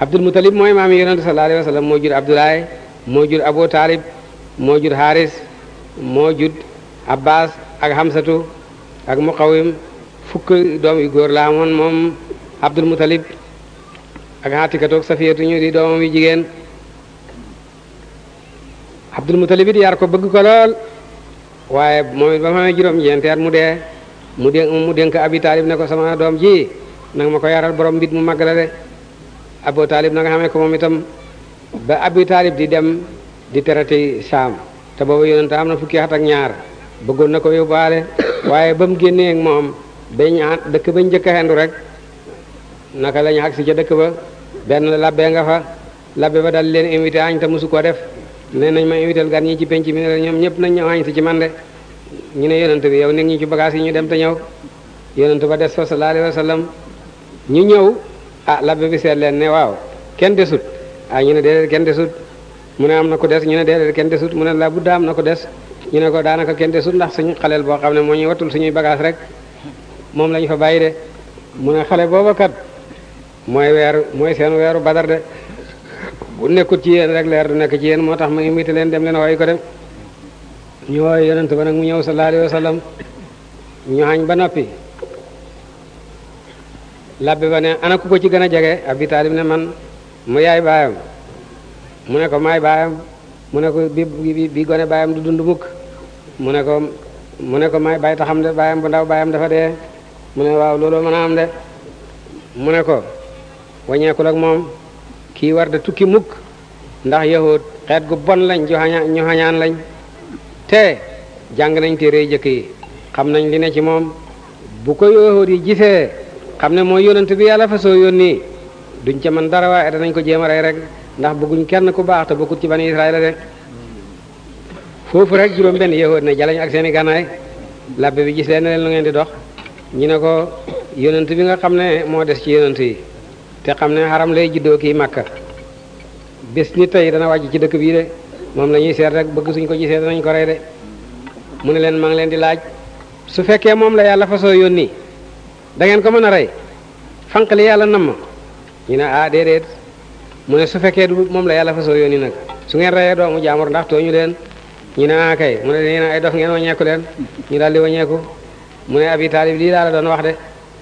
Abdul Muttalib mooy maam Yonent sallallahu alayhi wa sallam moo jur Abdoulaye moo jur Abu moo jur xaaris moo jur abbas ak xamsatu ak muqawim fukk doom yu góor la amoon moom abdul mutalib ak xaatikatoog safiyatu ñu di doomam yu jigéen abdul mutalib it yar ko bëgg ko lool waaye moom it ba ma juróom ñeenti mu dee mu dé mu dénk abi taalib ne ko sama doom ji nanga ma ko yaral borom mbit mu màgg la de abo taalib xamee ko moom itam ba abi di dem di teratey saam te booba yonente am na fukki at ak ñaar bëggoon na ko yóbbaale waaye ba mu génnee moom moom bañ dëkk bañ njëkk a xendu rek naka la ñu agsi ca dëkk ba benn labbe nga fa labbe ba dal leen invité añ te mosu koo def ne nañ ma invité gan ñi ci penc mi ne la ñoom ñëpp nañ ñëw añ si ci man de ñu ne yonent bi yow nit ñu ci bagage yi ñu dem te ñëw yonent ba des fa sallallahu alayhi wa sallam ñu ñëw a ah, labbe bi seet leen ne waaw kenn desut ah ñu ne déedéet kenn desut mu ne am na ko des ñu ne déedéet kenn desut mu ne la bu daam na ko des ñu ne ko daanaka kenn desut ndax suñu xaleel boo xam ne moo ñuy wattul suñuy bagage rek moom lañu fa bàyyi de mu ne xale booba kat mooy weeru mooy seen weeru badar de bu nekkut ci yéen rek leer du nekk ci yéen moo tax ma invité leen dem leen wooy ko dem ñu wooy yonent ba nag mu ñëw sallallahu alayhi wa sallam ñu ba noppi labbe ba ne ana ku ko ci gën a jege Abi Taalib ne man mu yaay baayam mu ne ko maay baayam mu ne ko bi bi gone baayam du dund mukk mu ne ko mu ne ko maay baay taxam de baayam bu ndaw baayam dafa dee mu ne waaw looloo mën a am de mu ne ko wañeekul ak moom kii war de tukki mukk ndax yahut xeet gu bon lañ ñu xañaan lañ te jàng nañ téere jëkk yi xam nañ li ne ci moom bu ko yahut yi gisee xam ne mooy yonent bi yàlla fa soo yónni duñ ca man dara waaye nañ ko jéem a rey rek ndax bëgguñ kenn ku baax te bokkut ci bani Israël rek foofu rek juróom-benn yahood ne jaleñ ak seen i gànnaay labbe bi gis leen leen lu ngeen di dox ñu ne ko yonent bi nga xam ne moo des ci yonent yi te xam ne xaram lay juddoo kii Makka bés ni tey dana wàcc ci dëkk bii de moom la ñuy seet rek bëgg suñ ko gisee danañ ko rey de mu ne leen maa ngi leen di laaj su fekkee moom la yàlla fasoo yónni da ngeen ko mën a rey fanq li yàlla namm ñu ne ah déedéet. mu ne su fekkee du moom la yàlla fasoo yi nag su ngeen reyee doomu jaamur ndax tooñu leen ñu ne ah kay mu ne yéen ay dof ngeen waññeeku leen ñu daal di waññeeku mu ne abi taalib lii laa la doon wax de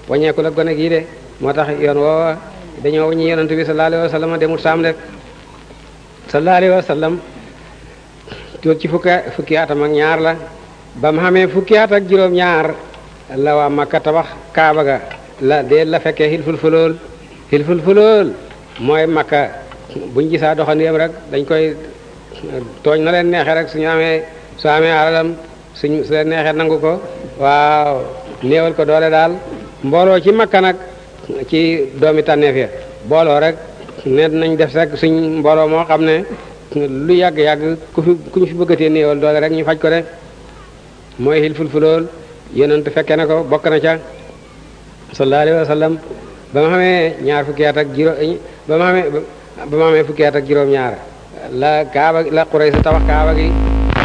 waññeeku la gone gii de moo tax yoon woo dañoo waññi yonent bi sallallahu alayhi wa sallam demut saam de sallallahu alayhi wa sallam tool ci fukki fukki atam ak ñaar la ba mu xamee fukki at ak juróom-ñaar la waa Makka tabax Kaaba ga la dee la fekkee xilful fulool mooy makka buñ gisaa doxandéem rek dañ koy tooñ na leen neexee rek suñu amee su amee alalam suñ su leen neexee nangu ko waaw néewal ko doole daal mbooloo ci makka nag ci doomi tànneef ya booloo rek nen nañ def rek suñ mbooloo moo xam ne lu yàgg-yàgg ku fi ku ñu fi bëggatee néewal doole rek ñu faj ko de mooy xil fulfulool yonent fekke na ko bokk na ca sallallahu alayhi wa sallam ba xamee ñaar fukki at ak ba ma amee ba ma amee fukki at ak juróom-ñaar la kaaba la Quraysh tabax kaaba gi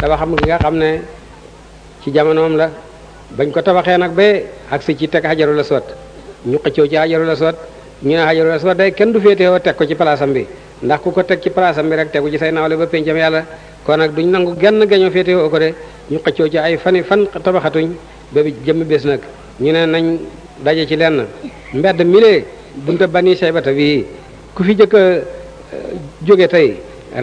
tabaxam gi nga xam ne ci jamonoom la bañ ko tabaxee nag ba agsi ci teg Hajarul Aswad ñu xëccoo ci Hajarul Aswad ñu ne Hajarul Aswad day kenn du féetewoo teg ko ci palaasam bi ndax ku ko teg ci palaasam bi rek tegu ci say nawle ba pencam yàlla kon nag duñ nangu genn gañoo féetewoo ko de ñu xëccoo ci ay fani fan tabaxatuñ ba jëmm bés nag ñu ne nañ daje ci lenn mbedd milee bunta bani saybata bii ku fi jëkk a eh, jóge tey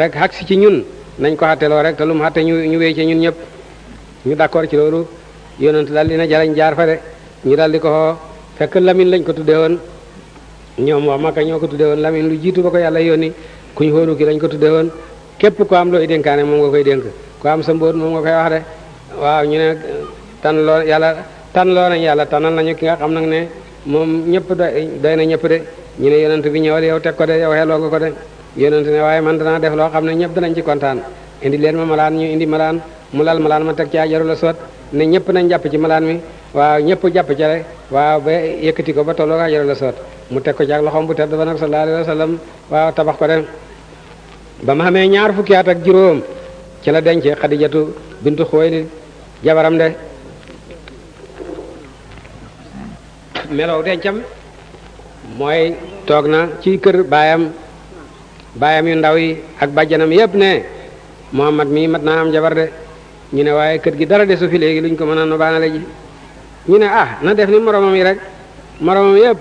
rek xag si ci ñun nañ ko xatteloo rek te lu mu ñu ñu ñun ñëpp ñu d'accord ci loolu yonent daal dina jarañ jaar fa de ñu daal di ko fekk Lamine lañ ko tuddee woon ñoom waa Makka ñoo ko tuddee woon Lamine lu jiitu ba ko yàlla yónni ku ñu xóolu ki lañ ko tuddee woon képp ko am looy dénkaane moom nga koy dénk ko am sa mbóot moom nga koy wax de waaw ñu ne tan loo yàlla tan loo yàlla tanal nañu ki nga xam nag ne moom ñëpp doy na de ñu ne yonent bi ñëwal yow teg ko de yow xeloo ko de yonent ne waaye man danaa def loo xam ne ñëpp danañ ci kontaan indi leen ma malaan ñu indi malaan mu lal malaan ma teg ci ajaru la ne ñëpp nañ jàpp ci malaan mi waa ñëpp jàpp ci waa ba yëkkati ko ba tolloo ajaru la soot mu teg ko ci loxoom bu tedd ba nag sallallahu waa wa tabax ko de ba ma xamee ñaar fukki at ak juróom ci la denc xadijatu bintu xuwaylid jabaram de melow dencam mooy toog na ci kër baayam baayam yu ndaw yi ak bàjjanam yépp ne Muhammad mii mat naa am jabar de ñu ne waaye kër gi dara desu fi léegi luñ ko mën a nobaanale ji ñu ne ah na def ni moromam yi rek moromam yépp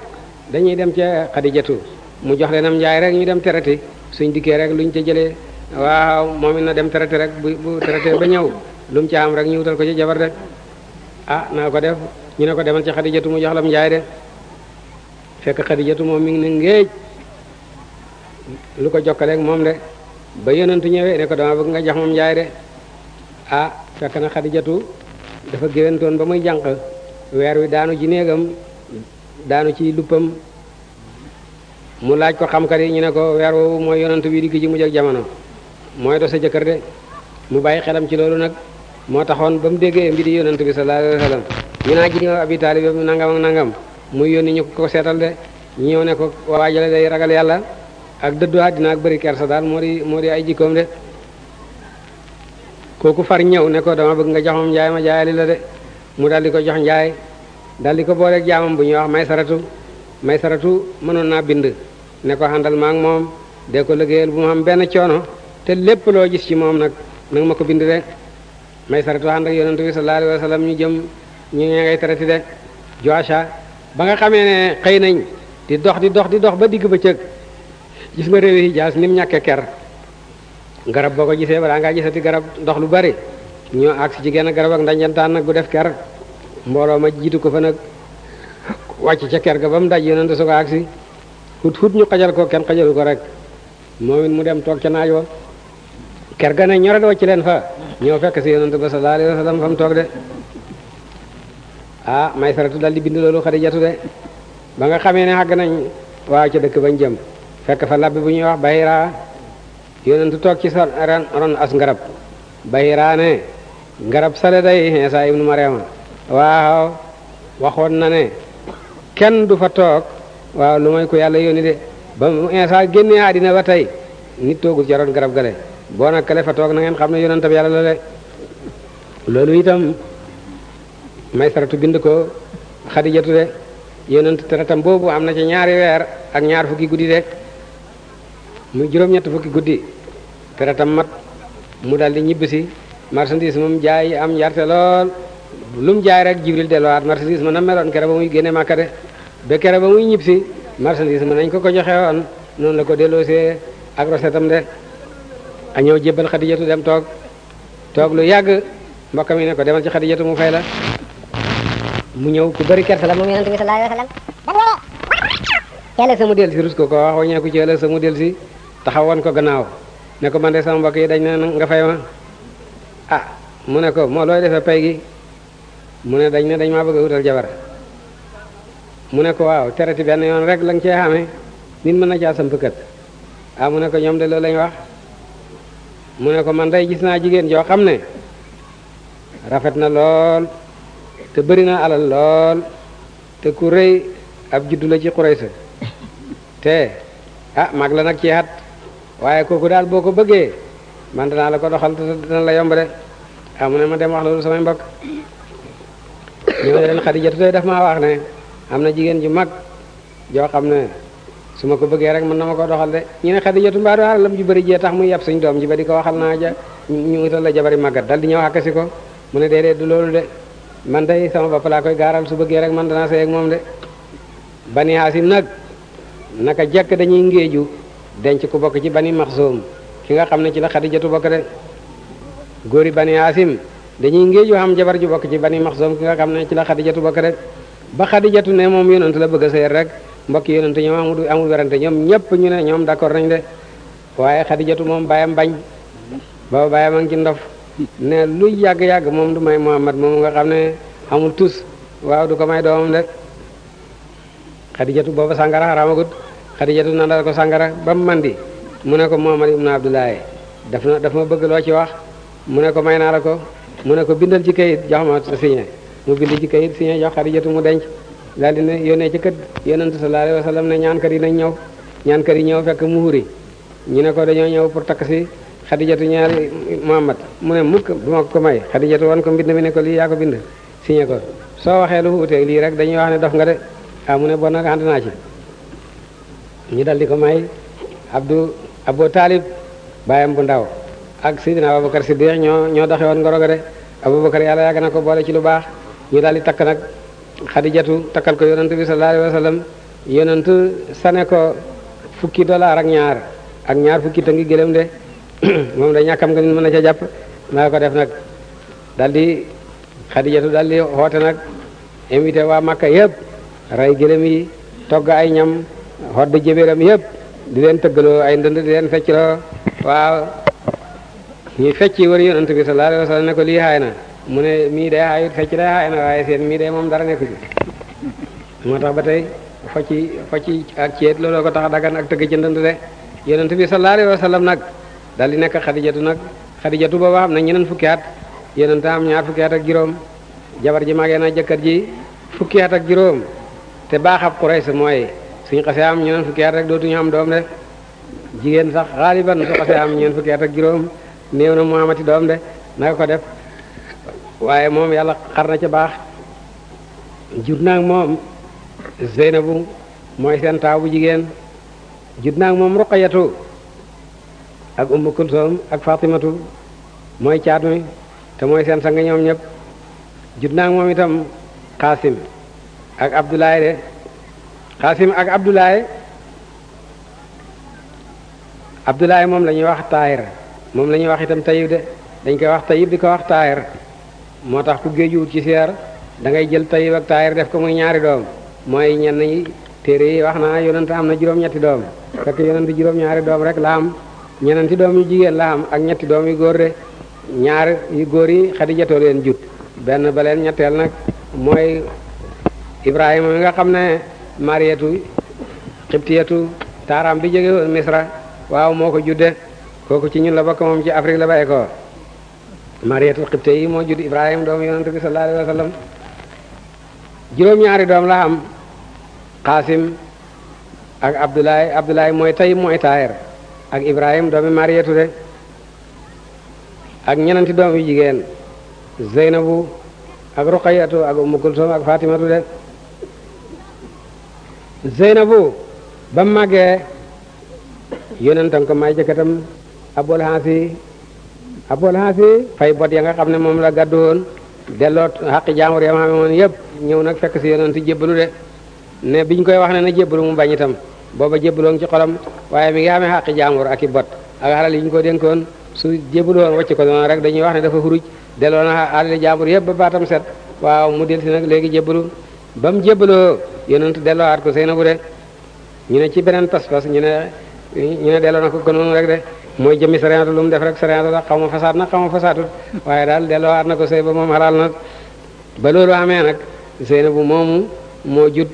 dañuy dem ca Xadijatu mu jox leen am njaay rek ñu dem terati suñ dikkee rek luñ ca jëlee waa moom it na dem terati rek bu bu terate ba ñëw lu mu ca am rek ñu wutal ko ci jabar de ah naa ko def ñu ne ko demal ci Xadijatu mu jox lam njaay de fekk xadijatu moom mi ngi ne ngéej lu ko jokkaleeg moom de ba yonentu ñëwee ne ko dama bëgg nga jox moom njaay de ah fekk na xadijatu dafa géwantoon ba muy jànq weer wi daanu ji néegam daanu ci luppam mu laaj ko xamkat yi ñu ne ko weer woowu mooy yonent bi digg ci mujj ak jamono mooy do sa jëkkër de mu bàyyi xelam ci loolu nag moo taxoon ba mu déggee mbiri yonent bi sallallahu alayhi wa sallam ñu naa ji ñoo abi taalib nangam ak nangam muy yónni ñu ko seetal de ñëw ne ko waajale day ragal yàlla ak dëddu àddina ak bëri kersa daal moo di moo ay jikkoom de kooku far ñëw ne ko dama bëgg nga jox moom njaay ma jaayali la de mu daal di ko jox njaay daal di ko booleeg jaamam bu ñuy wax may saratu may saratu mënoon naa bind ne ko xandal maa moom de ko liggéeyal bu mu xam benn coono te lépp loo gis ci moom nag nanga ma ko bind de may saratu ànd ak yonent sa sallallahu alayhi ñu jëm ñu ngay traité ba nga xamee ne xëy nañ di dox di dox di dox ba digg bëccëg gis nga réewi Hijaas ni mu ñàkkee ker garab boo ko gisee balaa ngaa gisati garab ndox lu bari ñoo àgg si ci genn garab ak ndajantaan nag bu def ker mbooloo ma jiitu ko fa nag wàcc ca ker ga ba mu daj yonent su ko àgg si xut ñu xajal ko kenn xajalu ko rek moom mu dem toog ca naaj wa ker ga ne ñore a ci leen fa ñoo fekk si yonent ba sa alayhi wa sallam fa mu toog de ah may saratu dal di bind loolu xadijatu de ba nga xamee ne xàgg nañ waaw ca dëkk bañ jëm fekk fa labbi bu ñuy wax bayira yonentu toog ci sa ron as ngarab bayira ne ngarab sale day Iisaa ibnu Maryama waaw waxoon na ne kenn du fa toog waaw lu may ko yàlla yónni de ba mu Iisaa génnee àddina ba tey nit toogul ca ron garab gale boo nag kale fa toog nangeen xam ne yonentam yàlla la de loolu itam may saratu bind ko xadijatu de yonent teretam boobu am na ci ñaari weer ak ñaar fukki guddi de mu juróom-ñett fukki guddi teretam mat mu daldi ñibbisi marchandise moom jaay am njarte lool lu mu jaay rek jibril delluwaat marchandise ma na meloon kere ba muy génne màkka de ba kere ba muy ñibbisi marchandise ma nañ ko ko joxe woon noonu la ko delloosee ak rosetam de a ñëw jébbal xadijatu dem toog toog lu yàgg mbokkam yi ne ko demal ci xadijatu mu fay la mu ñëw ku bëri kersa la moom yonent bi sallallahu alayhi wa sallam yàlla sa mu del si rus ko ko waxoo ñeeku ci yàlla sa mu del si taxawoon ko gannaaw ne ko man de sama mbokk yi dañ ne nga fay ma ah mu ne ko moo looy defee pay gi mu ne dañ ne dañ maa bëgg a wutal jabar mu ne ko waaw terati benn yoon rek lañ nga cee xamee mën na caa samp kët ah mu ne ko ñoom de loolu lañ wax mu ne ko man day gis naa jigéen joo xam ne rafet na lool te bëri naa alal lool te ku rëy ab juddu la ci xuraysa te ah mag la nag ci at waaye kooku daal boo ko bëggee man naa la ko doxal te dana la yomb de ah mu ne ma dem wax loolu samay mbokk ñoo ne leen xadijatu tey def maa wax ne am na jigéen ju mag joo xam ne su ma ko bëggee rek mun na ma ko doxal de ñu ne xadijatu mbaa do alalam ju bëri jee mu yab suñ doom ji di ko waxal naa ja ñu utal la jabari màggat dal di ñëw du loolu de man day sama bopp laa koy gaaral su bëggee rek man danaa sey ak moom de bani Haasim nag naka jekk dañuy ngéeju denc ku bokk ci bani Maxsum ki nga xam ne ci la Xadijatu bokk de góori bani Haasim dañuy ngéeju am jabar ju bokk ci bani Maxsum ki nga xam ne ci la Xadijatu bokk de ba Xadijatu ne moom yonent la bëgg a sey rek mbokk yonent ñoom amul amul werante ñoom ñëpp ñu ne ñoom d'accord nañ de waaye Xadijatu moom bàyyam bañ ba bàyyam a ci ndof ne lu yàgg-yàgg moom du may Muhammad moom nga xam ne amul tus waaw du ko may doomam de xadijatu booba sàngara xaraamagut xadijatu nandal ko sàngara ba mu man di mu ne ko Muhammad ibnu Abdullahi daf na daf ma bëgg loo ci wax mu ne ko may naa la ko mu ne ko bindal ci kayit jox ma signé mu bind ci kayit signé jox xadijatu mu denc daal di ne yónnee ci kër yonentu sallallahu alayhi wa sallam ne ñaan kër yi nañ ñëw ñaan kër yi ñëw fekk mu muhuri ñu ne ko dañoo ñëw pour takk si xadijatu ñaari muhammad mu ne mukk du ma ko may xadijatu wan ko mbind mi ne ko lii yaa ko bind siñe ko soo waxee lu utee lii rek dañuy wax ne dof nga de ah, ne bon nag ànd ñu dal di ko may abdu abu taalib bàyyam bu ndaw ak sidina abubakar siddiq ñoo ñoo ngoro ga de yàlla yàgg na ko boole ci lu baax ñu daal di takk nag xadijatu takkal ko yonantu bi sallallahu alayhi wa sallam yonantu sane ko fukki dollar ak ñaar ak ñaar fukki tëngi gëlëm de moom da ñàkkam nga mën a ca jàpp naa ko def nag dal di xadijatu dal di xoote nag invité waa Makka yëpp rey gëlëm yi togg ay ñam xodd jëbéram yëpp di leen tëggaloo ay ndënd di leen feccloo waaw ñuy fecci war yonent bi sallallahu alayhi na mu ne mii day xaayut fecc waaye seen mii day moom dara nekku ci moo tax ba tey focci focci ak ceet looloo ko tax dagan ak tëgg ci ndënd de yonent bi sallallahu alayhi wasallam nag daal di nekk xadijatu nag xadijatu booba xam na ñeneen fukki at yonente am ñaar fukki at ak juróom jabar ji magee na jëkkër ji fukki at ak juróom te baax ab Quraysh mooy suñ xasee am ñeneen fukki at rek dootuñu am doom de jigéen sax xaaliban su xasee am ñeneen fukki at ak juróom néew na mu amati doom de naka ko def waaye moom yàlla xar na ca baax jur naa moom Zeynabu mooy seen taaw bu jigéen jur naa moom Ruqayatu ak ummu kulsum ak fatimatu mooy caat mi te mooy seen sang ñoom ñëpp jud naa moom itam xaasim ak abdoulaye de xaasim ak abdoulaye abdoulaye moom la ñuy wax taayir moom la ñuy wax itam tayib de dañ koy wax tayib di ko wax taayir moo tax ku géejuwut ci seer dangay jël tayib ak taayir def ko muy ñaari doom mooy ñenn ñi téere yi wax naa yonent am na juróom-ñetti doom fekk yonent juróom-ñaari doom rek la am ñeneenti doom yu jigéen la am ak ñetti doom yu góor de ñaar yu góor yi xadijatoo leen jut benn ba leen ñetteel nag mooy ibrahima mi nga xam ne marietu xibtiyatu taaram bi jóge woon misra waaw moo ko judde kooku ci ñun la bokk moom ci afrique la bàyyi ko marietu xibte yi moo judd ibrahima doomu yonent bi sallallahu alayhi wa sallam juróom-ñaari doom la am xaasim ak abdoulaye abdoulaye mooy tey mooy taayer ak ibrahim doomi mariyatu de ak ñenanti doom yu jigéen zeynabu ak ruqayatu ak ummu kulsum ak fatimatu de zeynabu ba màggee yonentam ko may jëkkatam abul haasi abul haasi fay bot ya nga xam ne moom la gàddu woon delloo xaqi jaamur yam xame moon yëpp ñëw nag fekk si yonent jébbalu de ne biñ koy wax ne na jébbalu mu bañ itam booba jébbaloo ci xolam waaye mi ngi amee xaqi jaamur ak i bot ak alal yi ñu ko dénkoon su jébbaloon wàcc ko noonu rek dañuy wax ne dafa xuruj delloo na alali jaamur yëpp ba baatam set waaw mu delsi nag léegi jébbalu ba mu jébbaloo yonent delloowaat ko sëy na bu de ñu ne ci beneen pas-pas ñu ne ñu ne delloo na ko gënoon rek de mooy jëmmi sariyaatu lu mu def rek sariyaatu la xaw ma fasaat na xaw ma fasaatut waaye daal delloowaat na ko sëy ba moom xalaal na ba loolu amee nag sëy na bu moomu moo jut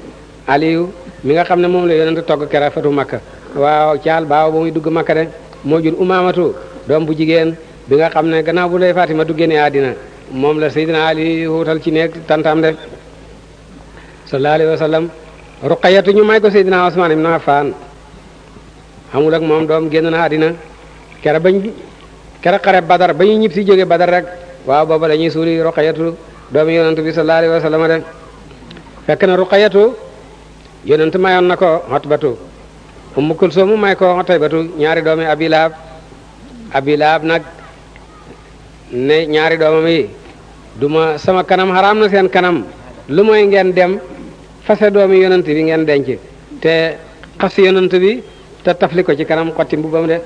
aliyu mi nga xam ne moom la yonent togg kera fatu makka waaw caal baaw ba muy dugg makka de moo jur umaamatu doom bu jigéen bi nga xam ne gannaaw bu lay Fatima du génne àddina moom la Seydina Ali wuutal ci nekk tantam de sallallahu alayhi wa ñu may ko Seydina Usmaan ibn Affaan amul ak moom doom génn na àddina kere bañ kere xare badar ba ñu ñib si jóge badar rek waaw booba dañuy suuli ruqayatu doomi yonent bi sallallahu alayhi wa sallam de fekk na yonent mayoon na ko Utbatu Ummu Kulsum mu may ko Utaybatu ñaari doomi Abi Lahab Abi Lahab nag ne ñaari doomam yi duma sama kanam xaraam na seen kanam lu mooy ngeen dem fase doomi yonent bi ngeen denc te xas yonent bi te tafli ko ci kanam xotti mbubbam de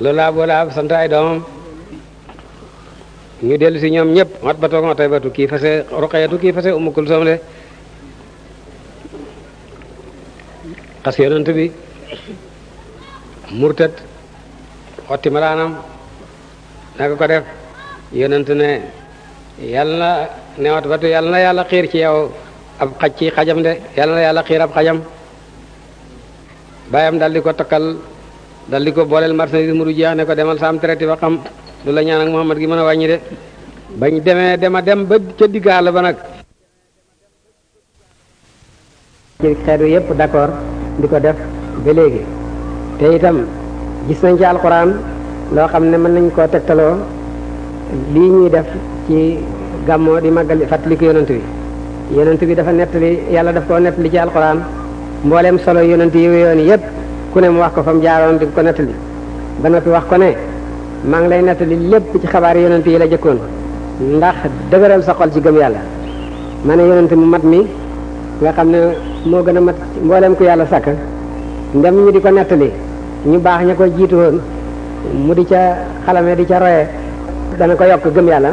loolu Abu Lahab sant ay doomam ñu dellu si ñoom ñëpp Utbatu ak Utaybatu kii fase Ruqayatu kii fase Ummu Kulsum de xas yonent bi murtat xotti malaanam naka ko def yonent ne yàlla na newat batu yàlla na yàlla xiir ci yow ab xaj ci xajam de yàlla na yàlla xiir ab xajam bàyyam dal di ko takkal dal ko booleel marchandise mu du jeex ne ko demal saam traité ba xam lu la ñaan ak Muhammad gi mën a wàññi de bañ demee dema dem ba ca diggaal ba nag ci xeetu yépp d'accord di ko def ba léegi te itam gis nañ ci alxuraan loo xam ne mën nañ koo tegtaloo lii ñuy def ci gàmmoo di màggal fàttaliku yonent bi yonent bi dafa nettali yàlla def koo nettali ci alxuraan mbooleem solo yonent yi yoon yépp ku ne mu wax ko fa mu jaaroon di ko nettali ba noppi wax ko ne maa ngi lay nettali lépp ci xabaar yonent yi la jëkkoon ndax dëgëral sa xol ci gëm yàlla ma ne yonent mu mat mi nga xam ne moo gën a mat mboolem ku yàlla sakk ndem ñu di ko nettali ñu baax ña ko jiitu woon mu di ca xalame di ca roye dana ko yokk gëm yàlla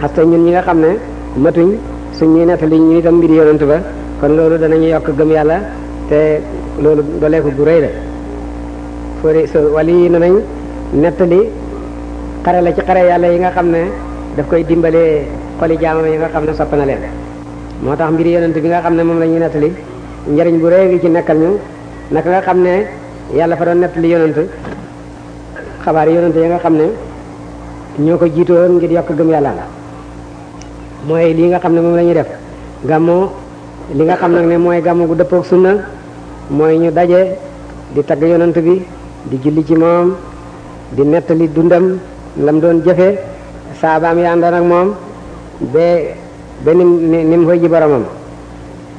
xasta ñun ñi nga xam ne matuñ suñ ñuy nettali ñu itam mbiri yonent ba kon loolu dana ñu yokk gëm yàlla te loolu dooleeku bu rëy la fori so wala yi ne nañ nettali xare la ci xare yàlla yi nga xam ne daf koy dimbalee xoli jaamam yi nga xam ne sopp na leen moo tax mbiri yonent bi nga xam ne moom la ñuy nettali njariñ bu rëy ngi ci nekkal ñu naka nga xam ne yàlla fa doon nettali yonent xabaar yonent ya nga xam ne ñoo ko jiitoon ngir yokk gëm yàlla la mooy lii nga xam ne moom lañuy def gàmmo li nga xam nag ne mooy gàmmo gu dëppook sunna mooy ñu daje di tagg yonent bi di julli ci moom di nettali dundam lam doon jëfe saabaam yi àndoon ak moom ba benn ni mu ni mu koy ji boromam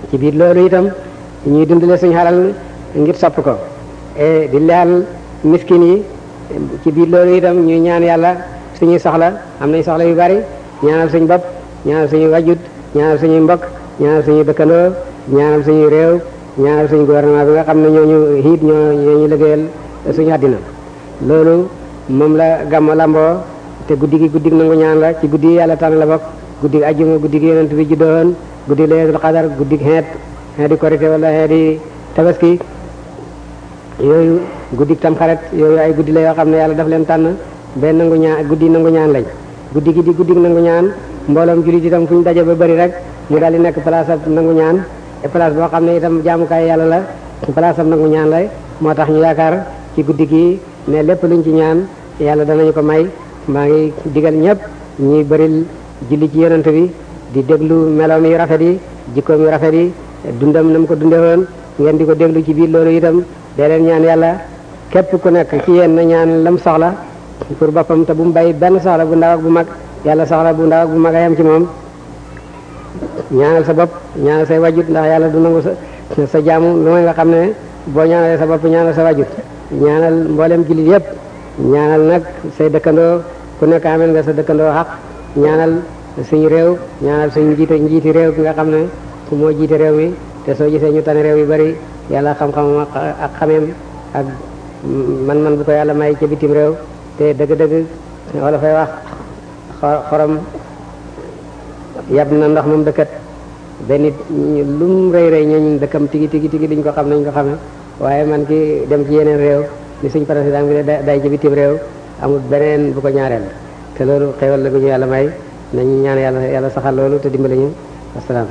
ci biir loolu itam ñuy dundale suñu xalal ngir sopp ko e di leyal miskin yi ci biir loolu itam ñuy ñaan yàlla suñuy soxla am nañ soxla yu bari ñaanal suñu bopp ñaanal suñuy wajut ñaanal suñuy mbokk ñaanal suñuy dëkkandoo ñaanal suñuy réew ñaanal suñu gouvernement bi nga xam ne ñooñu xiit ñoo ñooñu liggéeyal suñu àddina loolu moom la gàmmo lamboo te guddi gi guddi nangu ñaan la ci guddi yàlla tànn la bokk guddig ajjuma guddig yonent bi juddoon guddig laylatul qadar guddig xeet xeeti korite wala xeeti tabaski yooyu guddig tamxaret yooyu ay guddi la yoo xam ne yàlla daf leen tànn benn nangu ñaan guddi nangu ñaan lañ guddi gi di guddig nangu ñaan mbooloom jullit itam fu ñu daje ba bëri rek mu daal di nekk place ab nangu ñaan te place boo xam ne itam jaamukaay yàlla la place ab nangu ñaan lay moo tax ñu yaakaar ci guddi gi ne lépp luñ ci ñaan yàlla danañu ko may maa ngi digal ñëpp ñuy bëril julli ci yonent bi di déglu meloom yu rafet yi jikkoom yu rafet yi dundam na ko dundewoon ngeen di ko déglu ci biir loolu itam dee leen ñaan yàlla képp ku nekk ci yéen na ñaan lam soxla pour boppam te bu mu bàyyi benn soxla bu ndaw bu mag yàlla soxla bu ndaw bu mag a yem ci moom ñaanal sa bopp ñaanal say wajut ndax yàlla du nangu sa sa jaamu lu may xam ne boo ñaanalee sa bopp ñaanal sa wajut ñaanal mboolem jullit yépp ñaanal nag say dëkkandoo ku nekk amel nga sa dëkkandoo xaq ñaanal suñu réew ñaanal suñu jiite njiiti réew bi nga xam ne moo jiite réew mi te soo gisee ñu tane réew yu bari yàlla xam-xamam ak xameem ak man-man bu ko yàlla may ca bitim réew te dëgg-dëgg wala fay wax xorom yab na ndox moom dëkkat benn nit lum rëy ñu ñooñu dëkkam tigi tigi tigi duñ ko xam nañ ko xam xame waaye man ki dem ci yeneen réew ni suñ président bi day ci bitim réew amul beneen bu ko ñaareel te loolu xewal la bu ñu yàlla may nañu ñaan yàlla yàlla saxal loolu te dimbali ñu wasalaam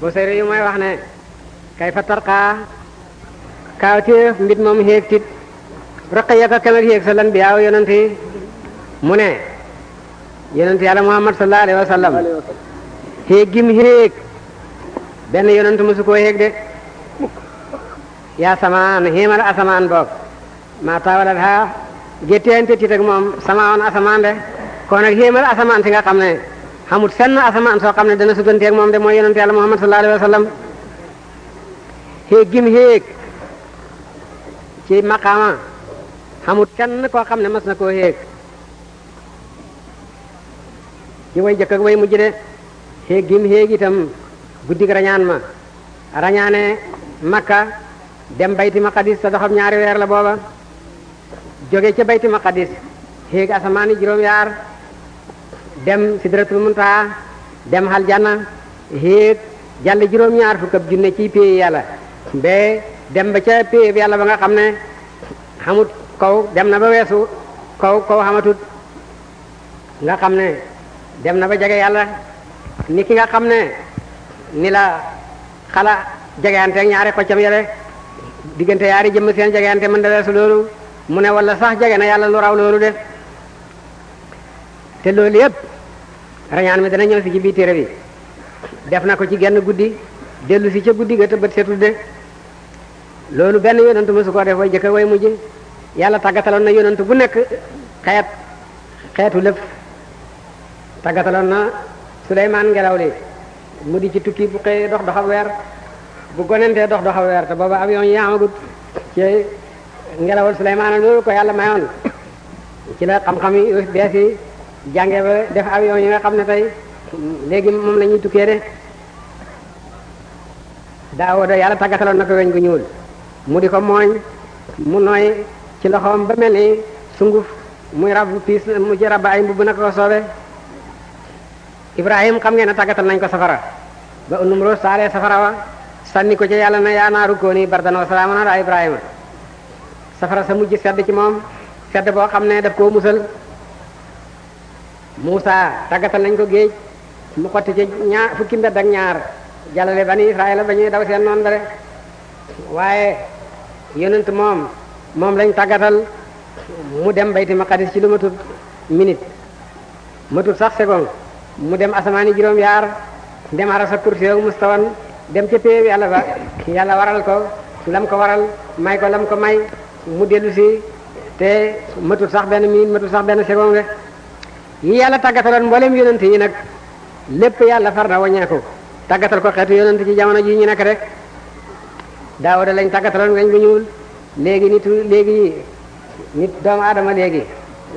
bu seri yu mooy wax ne kay fa tarqaa kaawteef mbit moom xéeg tit raqiyaka kemek xéeg sa lan bi yaaw yonent yi mu ne yonent yàlla muhammad sallallahu alayhi wa sallam xéeg gim xéeg benn yonent mësu koo yéeg de mukk yaa samaan xiimal asamaan boog maa taawalal haa gétteente tiit ak moom samaawoon asamaan de kon nag xiimal asamaan si nga xam ne xamut senn asamaan soo xam ne dana suganteeg moom de mooy yonent yàlla muhammad sallallahu alayhi wa gim xéeg ci maqaama xamut kenn koo xam ne mas na koo xéeg ci way jëkk way mujj de xéeg gim xéeg itam guddig rañaan ma rañaane makka dem bayti maqadis sa doxam ñaari weer la booba jóge ca bayti maqadis xéeg asamaani juróom yaar dem sidratul muntaha dem aljanna xéeg jàll juróom ñaar fukk ab junne ci pay yàlla ba dem ba ca pay yàlla ba nga xam ne xamut kaw dem na ba weesu kaw kaw xamatut nga xam ne dem na ba jege yàlla ni ki nga xam ne ni la xala jegante ak ñaari xoccam yele diggante yaari jëmm seen jegante mën da loolu mu ne walla sax jege na yàlla lu raw loolu de te loolu yépp rañaan mi dana ñëw si ci biir téere bi def na ko ci genn guddi dellu si ca guddi ga te bët de loolu benn yonantu mosu koo def way jëkk way mujj yàlla tàggataloon na yonantu bu nekk xeet xeetu lépp tàggataloon na Suleymaan ngelaw li mu di ci tukki bu xëyee dox doxa weer bu gonentee dox doxa weer te booba avion yi ko yàlla mayoon ci la xam-xam yi bees yi nga xam ne tey léegi moom la ñuy tukkee de daawoo da yàlla tàggataloon na ko weñ gu ñuul mu di ko mooñ mu nooy ci loxoom ba mel ni sunguf muy rab piis mu ci rab ay mbubb na ko soobe ibrahim xam ngeen ne tàggatal nañ ko safara ba Numruus saalee safara wa sànni ko ci yàlla na yaa naaru kooni bardan wa salaaman ala ibrahima safara sa mujj sedd ci moom sedd boo xam ne daf koo musal Muusa taggatal nañ ko géej mu xotti ci ñaar fukki mbedd ñaar jàllale bani Israël ba ñuy daw seen noon ba de waaye yonent moom moom lañ tàggatal mu dem bayti maqadis ci lu matut minute matut sax seconde mu dem asamaani juróom-yaar dem arasa kursi ak mustawan dem ca péeb yàlla ba yàlla waral ko lam ko waral may ko lam ko may mu dellu si te matul sax benn minute matul sax benn seconde yi yàlla tàggataloon mboolem yonent yi nag lépp yàlla far na waññeeku tàggatal ko xeetu yonent ci jamono ji ñu nekk rek daawuda lañ tàggataloon weñ gu ñuul léegi nitu léegi nit doomu aadama léegi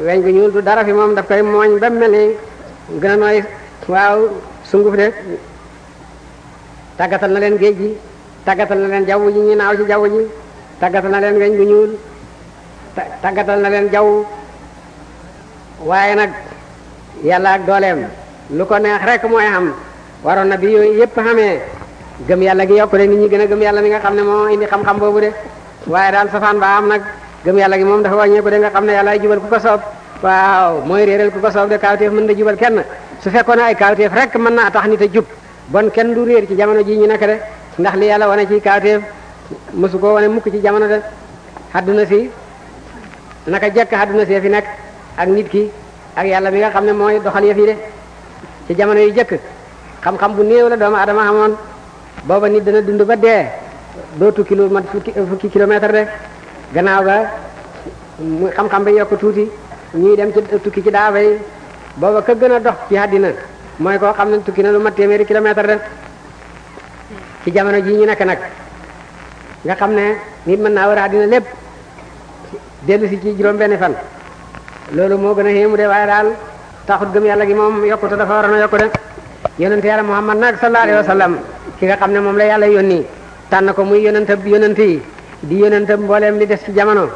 weñ gu ñuul du dara fi moom daf koy mooñ ba mel ni gën a nooy waaw sunguf de tàggatal na leen géej gi tàggatal na leen jaww ñu ñuy naaw ci jaww ji tàggatal na leen weñ bu ñuul tàggatal na leen jaww waaye nag yàlla ak dooleem lu ko neex rek mooy xam waroon na bi yooyu yëpp xamee gëm yàlla gi yokku de nit ñi gën a gëm yàlla mi nga xam ne moo indi xam-xam boobu de waaye daal safaan ba am nag gëm yàlla gi moom dafa wàññeeku de nga xam ne yàlla ay jubal ku ko soob waaw mooy réeral ku ko soob de kaawteef mën na jubal kenn su fekkoon ay kaawteef rek mën naa tax nit a jub bon kenn du réer ci jamono ji ñu nekk de ndax li yàlla wane ci kaawteef mësu koo wane mukk ci jamono àdduna si naka jekk àdduna see fi nekk ak nit ki ak yàlla mi nga xam ne mooy doxal yëf ci jamono yu jëkk xam-xam bu néew la doomu adama xamoon booba nit dana dund ba dee dootu kilo mat fukki kilomètre de gannaaw ga mu xam-xam ba yokk tuuti ñuy dem ci tukki ci daa yi booba ka gën a dox ci àddina mooy koo xam ne tukki na lu mat téeméeri kilomètre de ci jamono ji ñu nekk nag nga xam ne nit mën naa war a àddina lépp dellu si ci juróom benn fan loolu moo gën a xéemu de waaye daal taxut gëm yàlla gi moom yokkute dafa waroon a yokku de yonente yàlla muhammad nag sallallahu alayhi wa sallam ki nga xam ne moom la yàlla yónni tànn ko muy yonente yonente yi di yonente mbooleem li des ci jamono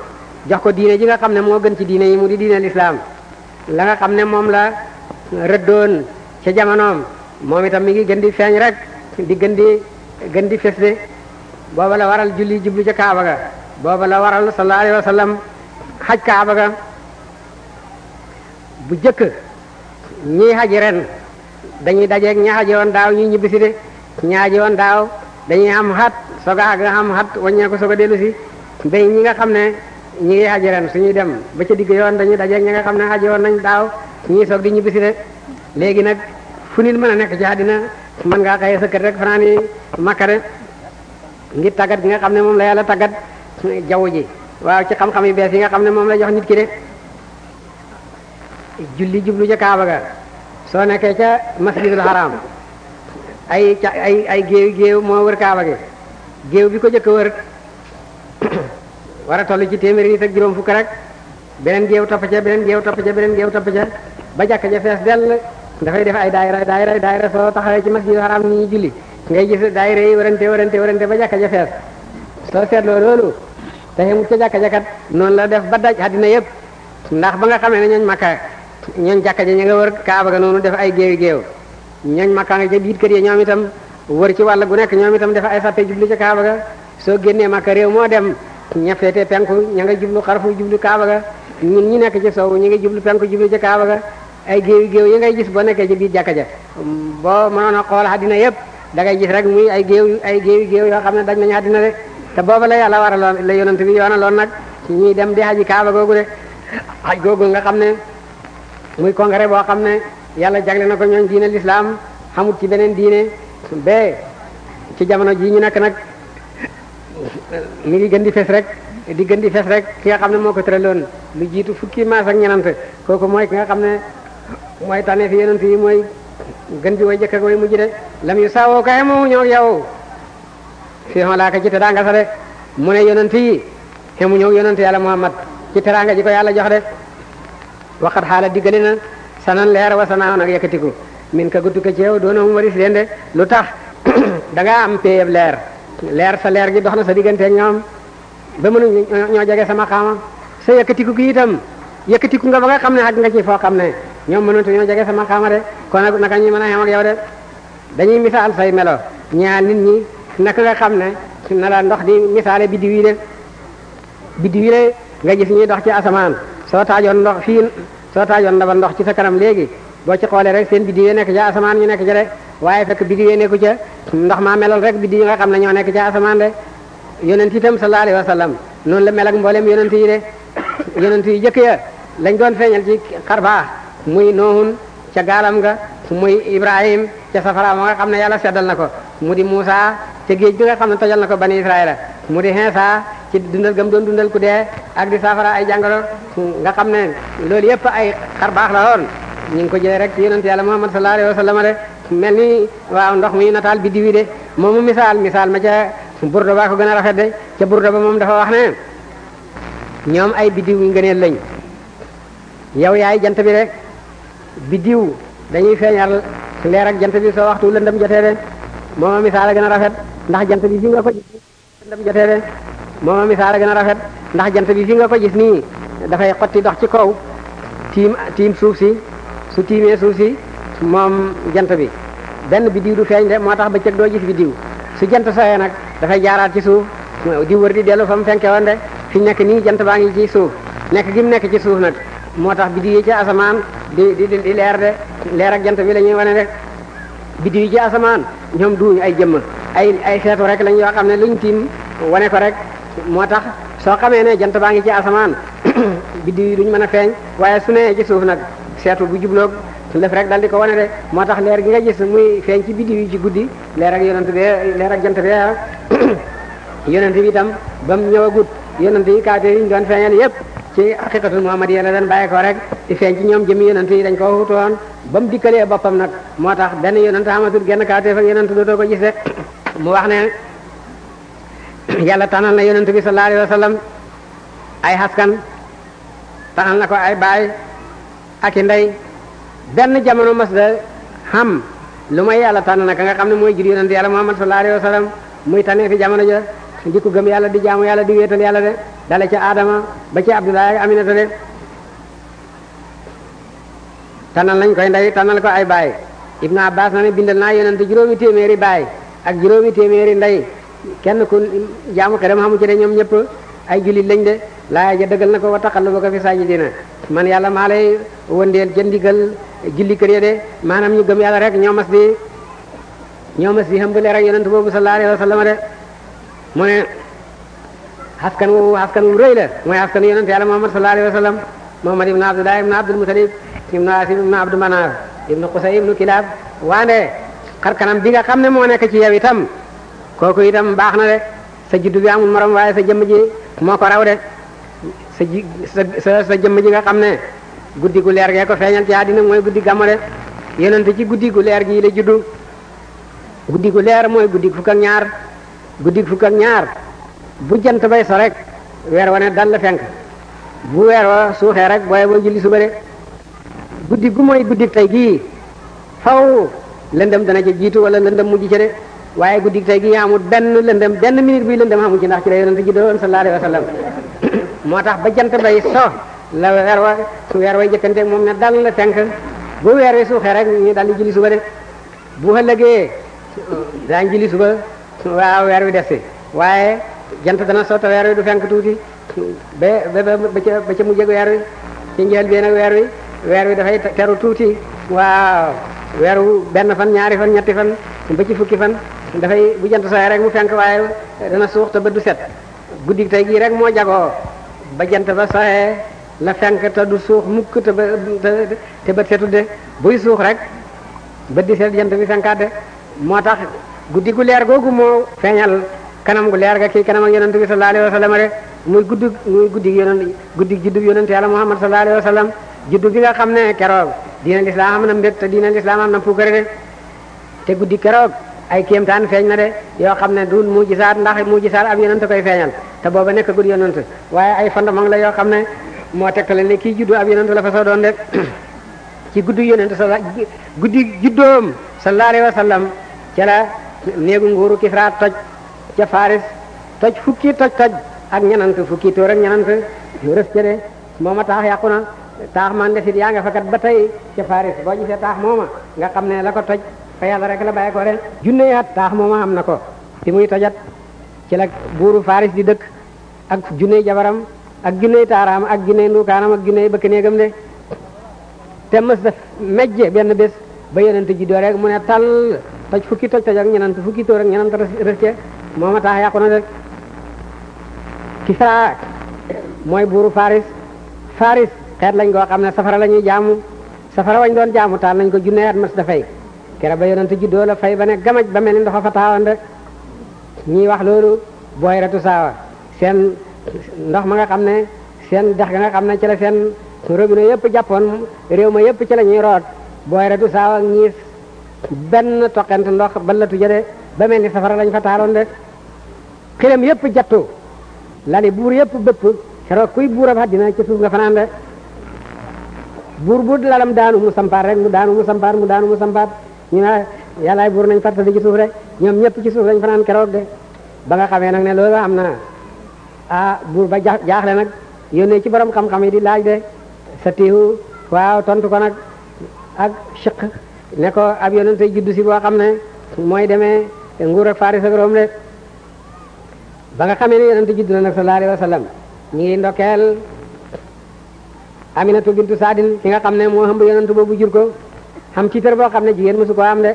jox ko diine ji nga xam ne moo gën ci diine yi mu di diine lislaam la nga xam ne moom la rëddoon ca jamonoom moom itam mi ngi gën di feeñ rek di gën di gën booba la waral julli jublu ca kaaba ga booba la waral sallallahu alayhi wa sallam xaj kaaba ga bu jëkk ñii xaji ren dañuy dajeeg ñi xaji woon daaw ñuy ñibbisi de ñi xaji woon daaw dañuy am xat soog a xam xat wàññeeku soog a dellu ñi nga xam ne ñi ngi aji ren suñuy dem ba ca digg yoon dañuy daje ñi nga xam ne aji woon nañ daaw ñii soog di ñibbisi de léegi nag fu nit mën a nekk ci àddina mën ngaa xëye sa rek fanaan yi makkare ngir tàggat gi nga xam ne moom la yàlla tàggat jaww ji waaw ci xam-xam yu bees yi nga xam ne moom la jox nit ki de julli jublu ca kaaba ga soo nekkee ca masjidul haram ay ay ay géew moo wër kaaba gi géew bi ko jëkk wër war a toll ci téeméeri nit ak juróom fukk rek beneen géew topp ca beneen géew topp ca beneen géew topp ca ba jàkka ja fees dell dafay def ay daayira daayira daayira soo taxawee ci masjidu haram ni ñuy julli ngay gis daayira yi warante warante warante ba jàkka ja fees soo seetloo loolu te mu ca jàkka ja kat noonu def ba daj àddina yëpp ndax ba nga xamee ne ñooñ makka ñooñ jàkka ja ñu nga wër kaaba ga noonu def ay géewi géew ñooñ makka nga ca biir kër ya ñoom itam wër ci wàll gu nekk ñoom itam def ay sàppe jubli ca kaaba ga soo génnee makka réew moo dem ña féete penku ña nga jublu xarfu jublu kaaba ga ñun ñi nekk ci soowu ñi nga jublu penku jublu ci kaaba ga ay géewi géew yi ngay gis boo nekkee ci biir jàkka ja boo mënoon a xool àddina yëpp da ngay gis rek muy ay géew ay géewi géew yoo xam ne daj nañu àddina de te booba la yàlla war a loon la yonent bi yoona loon nag ñuy dem di haji kaaba googu de haj googu nga xam ne muy congrès boo xam ne yàlla jagle na ko ñoom diine lislaam xamut ci beneen diine ba ci jamono jii ñu nekk nag mi ngi gën di fes rek di gën di fes rek ki nga xam ne moo ko tëraloon lu jiitu fukki maas ak ñenant kooku mooy ki nga xam ne mooy tànnee fi yonent yi mooy gën ji way jëkk ak way mujj de lam yu saawoo kay moo ñëw yow fii xon laa ko ci teraanga sa de mu ne yonent yi te mu ñëw yonent yàlla Muhammad ci teraanga ji ko yàlla jox de waxat xaala diggale na sanan leer wa sanaaw nag yëkkatiku min ka gudd ko doona um waris leen de lu tax da nga leer sa leer gi dox na sa diggante ak ñoom ba mënuñ ñoo jege sama xaama sa yëkkatiku gi itam yëkkatiku nga ba nga xam ne ak nga ci foo xam ne ñoom mënatu ñoo jege sama xaama de kon nag naka ñuy mën a xem dañuy misaal say melo ñaar nit ñi naka nga xam ne na la ndox di misaale biddiw yi de biddiw yi de nga ñuy dox ci asamaan soo taajoon ndox fii soo taajoon ndaba ndox ci sa kanam léegi boo ci xoolee rek seen biddiw yi nekk ca asamaan ñu nekk ca de waaye fekk biddiw yi nekku ca ndox maa meloon rek biddiw yi nga xam ne ñoo nekk ca asamaan de yonent itam sallallahu alayhi wa sallam noonu la melak ak mboolem yonent yi de yonent yi jëkk ya lañ doon feeñal ci xarbaa muy noohun ca gaalam nga muy ibrahim ca safara ma nga xam ne yàlla seddal na ko mu di muusa ca géej bi nga xam ne tojal na ko bani israila mu di xinsa ci dundal gam doon dundal ku dee ak di safara ay jàngoro nga xam ne loolu yëpp ay xarbaax la woon ñu ngi ko jëlee rek ci yonent yàlla muhammad sallallahu alayhi wa sallam de mel ni waaw ndox mi nataal bi diwi de moomu misaal misaal ma ca burda baa ko gën a rafet de ca burda ba moom dafa wax ne ñoom ay biddiw yu ngëneel lañ yow yaay jant bi rek biddiw dañuy feeñal leer jant bi soo waxtu lëndëm jotee de mooma misaal a gën a rafet ndax jant bi fi nga ko gis lëndëm misaal a gën a rafet ndax jant bi fi nga ko gis nii dafay xotti ndox ci kaw tiim tiim suuf si su tiimee suuf si moom jant bi benn biddiw du feeñ de moo tax bëccëg doo fi biddiw su jant soxee nag dafay jaaraat ci suuf di wër di dellu fa mu fenke woon de fi nekk nii jant baa ngi ci suuf nekk gi mu nekk ci suuf nag moo tax biddiw yi ci asamaan di di di leer de leer ak jant bi la wane de biddiw yi ci asamaan ñoom duuñu ay jëmm ay ay xeetu rek lañ yoo xam ne luñ tiim wane ko rek moo tax soo xamee ne jant baa ngi ci asamaan biddiw yi duñ mën a feeñ waaye su nee ci suuf nag seetu bu jubloog su rek dal di ko wane de moo tax leer gi nga gis muy feeñ ci biddiw yi ci guddi leer ak yonent bee leer ak jant bee yonent bi itam ba mu ñëwagut yonent yi kaate yi ñu doon feeñal yépp ci xaqiqatul muhammadiyya la leen bàyyi ko rek di feeñ ci ñoom jëmi yonent yi dañ ko wutoon ba mu dikkalee boppam nag moo tax benn yonent amatul genn kaate fa yonent dootoo ko gis rek mu wax ne yàlla tànnal na yonent bi sallallahu alayhi wa sallam ay na ko ay baay ak i ndey benn jamono mas da xam lu may yàlla tànn nag nga xam ne mooy jur yonent yàlla Muhammad sallallahu alayhi wa muy tànnee fi jamono ja di gëm yàlla di jaamu yàlla di wéetal yàlla de dale ca Adama ba ci Abdoulaye ak Aminata de tànnal nañ koy ndey tànnal ko ay baay Ibnu Abbas na ne bindal naa yonent juróomi téeméeri baay ak juróomi téeméeri ndey kenn ku jaamu xidam xamu ci de ñoom ñëpp ay jullit lañ de laaya ja dëggal na ko wa taqallubaka fi saajidiina man yàlla maa lay julli kër ya de maanaam ñu gëm yàlla rek ñoo mas di ñoo mas di hëmbale rek yonent boobu sallallahu alayhi wa sallam de mu ne askan wu askan wu rëy la mooy askan yonent yàlla Muhammad sallallahu alayhi wa sallam Muhammad ibnu Abdullah ibnu Abdul Mutalib ibnu Asim ibnu Abdu Manaaf ibnu Qusay ibnu Kilaab waande xar kanam bi nga xam ne moo nekk ci yow itam kooku itam baax na de sa juddu bi amul morom waaye sa jëmm ji moo ko raw de sa ji sa sa jëmm ji nga xam ne guddi gu leer gee ko feeñal ci àddina mooy guddi gamore yonent ci guddi gu leer gii la juddu guddi gu leer mooy guddi fukk ak ñaar guddi fukk ak ñaar bu jant bay so rek weer wa ne dal fenk bu weer wa suuxee rek booye boo julli suba de guddi gu mooy guddi tey gii faw lëndëm dana ca jiitu wala lëndëm mujj ca de waaye guddi tey gii amul benn lëndëm benn minute buy lëndëm amu ci ndax ci la yonent ji doon sallallahu alayhi wa sallam moo tax ba jant bay la weer wa su weer way jëkkanteeg moom ne dal la fenk bu weer wi suuxee rek ñu dal di julli suba de bu ëllëgee daañ julli suba waaw weer wi des si waaye jant dana sotta weer du fenk tuuti ba ba ba ca ca mu jég weer ci njël bi weer wi weer wi dafay teru tuuti waaw weeru benn fan ñaari fan ñetti fan ci fukki fan dafay bu jant rek mu fenk waaye dana suux te ba du set guddi tey gii rek moo jagoo ba jant ba soxee la fenk te du suux mukk te ba te bët setudde buy suux rek bët di set jant bi fenkaatde moo tax guddi gu leer googu moo feeñal kanam gu leer ga kii kanam ak yonent bi sallallahu alayhi wa sallam rek muy guddi muy guddi yonent guddi juddub yonent yàlla Muhammad sallallahu alayhi wa sallam juddu gi nga xam ne keroog diina lislaam am na mbég te diina lislaam am na puukare de te guddi keroog ay kéemtaan feeñ na de yoo xam ne duun mu gisaat ndax mu gisaat ab yonent koy feeñal te booba nekk guddi yonent waaye ay fondement la yoo xam ne moo tegtale ne kii juddu ab yonent la fa soo doon rek ci guddi yonent sala guddi juddoom sallallahu alayhi wa sallam ca la néegu nguuru Kisra toj ca Faris toj fukki toj toj ak ñanant fukki tóor ak ñanant rëf ca de taax yàqu na taax man desit yaa nga fakat ba tey ca Faris boo gisee taax mooma nga xam ne la ko toj fa yàlla rek la bàyyi ko ren junne at taax mooma am na ko fi muy tojat ci la buuru Faris di dëkk ak junne jabaram ak ginney taaraam ak ginney ndukaanam ak ginney bëkk néegam de te mës daf mejje benn bés ba yonent ji doo rek mu ne tal toj fukki toj toj ak ñenant fukki tóor ak ñenant rës ce mooma tax yàqu na de Kisra mooy buuru Faris Faris xeet lañ koo xam ne safara lañuy ñuy jaamu safara wañ doon jaamu taal nañ ko junneyaat mas dafay kere ba yonent ji doo la fay ba ne gamaj ba mel ni ndoxa fa taawoon de ñiy wax loolu booy retu saawa seen ndox ma nga xam ne seen dex ga nga xam ne ci la seen robinet yëpp jàppoon réew ma yëpp ci la ñuy root booy re du saaw ak ñiis benn toqent ndox ba la tujade ba mel ni safara lañ fa taaloon de xilem yëpp jattu lali buur yëpp bëpp keroog kuy buur ab àddina ci suuf nga fanaan de buur bu lalam daanu mu sampaar rek mu daanu mu sampaar mu daanu mu sampaar ñu ne yàllaay buur nañ fàttali ci suuf rek ñoom ñëpp ci suuf lañ fanaan keroog de ba nga xamee nag ne loolu am na a ah, buur ba jaaxle nag yónnee ci borom xam-xam yi di laaj de sa tiihu waaw tontu ko nag ak chiq ne ko ab yonent ay juddu si boo xam ne mooy demee nguur ak Faris ak Rome de ba nga xamee ne yonent juddu na nag sallallahu alayhi wa sallam ñu ngi ndokkeel Aminatu Saadin ki nga xam ne moo ëmb yonent boobu jur ko xam ci tër boo xam ne jigéen mësu koo am de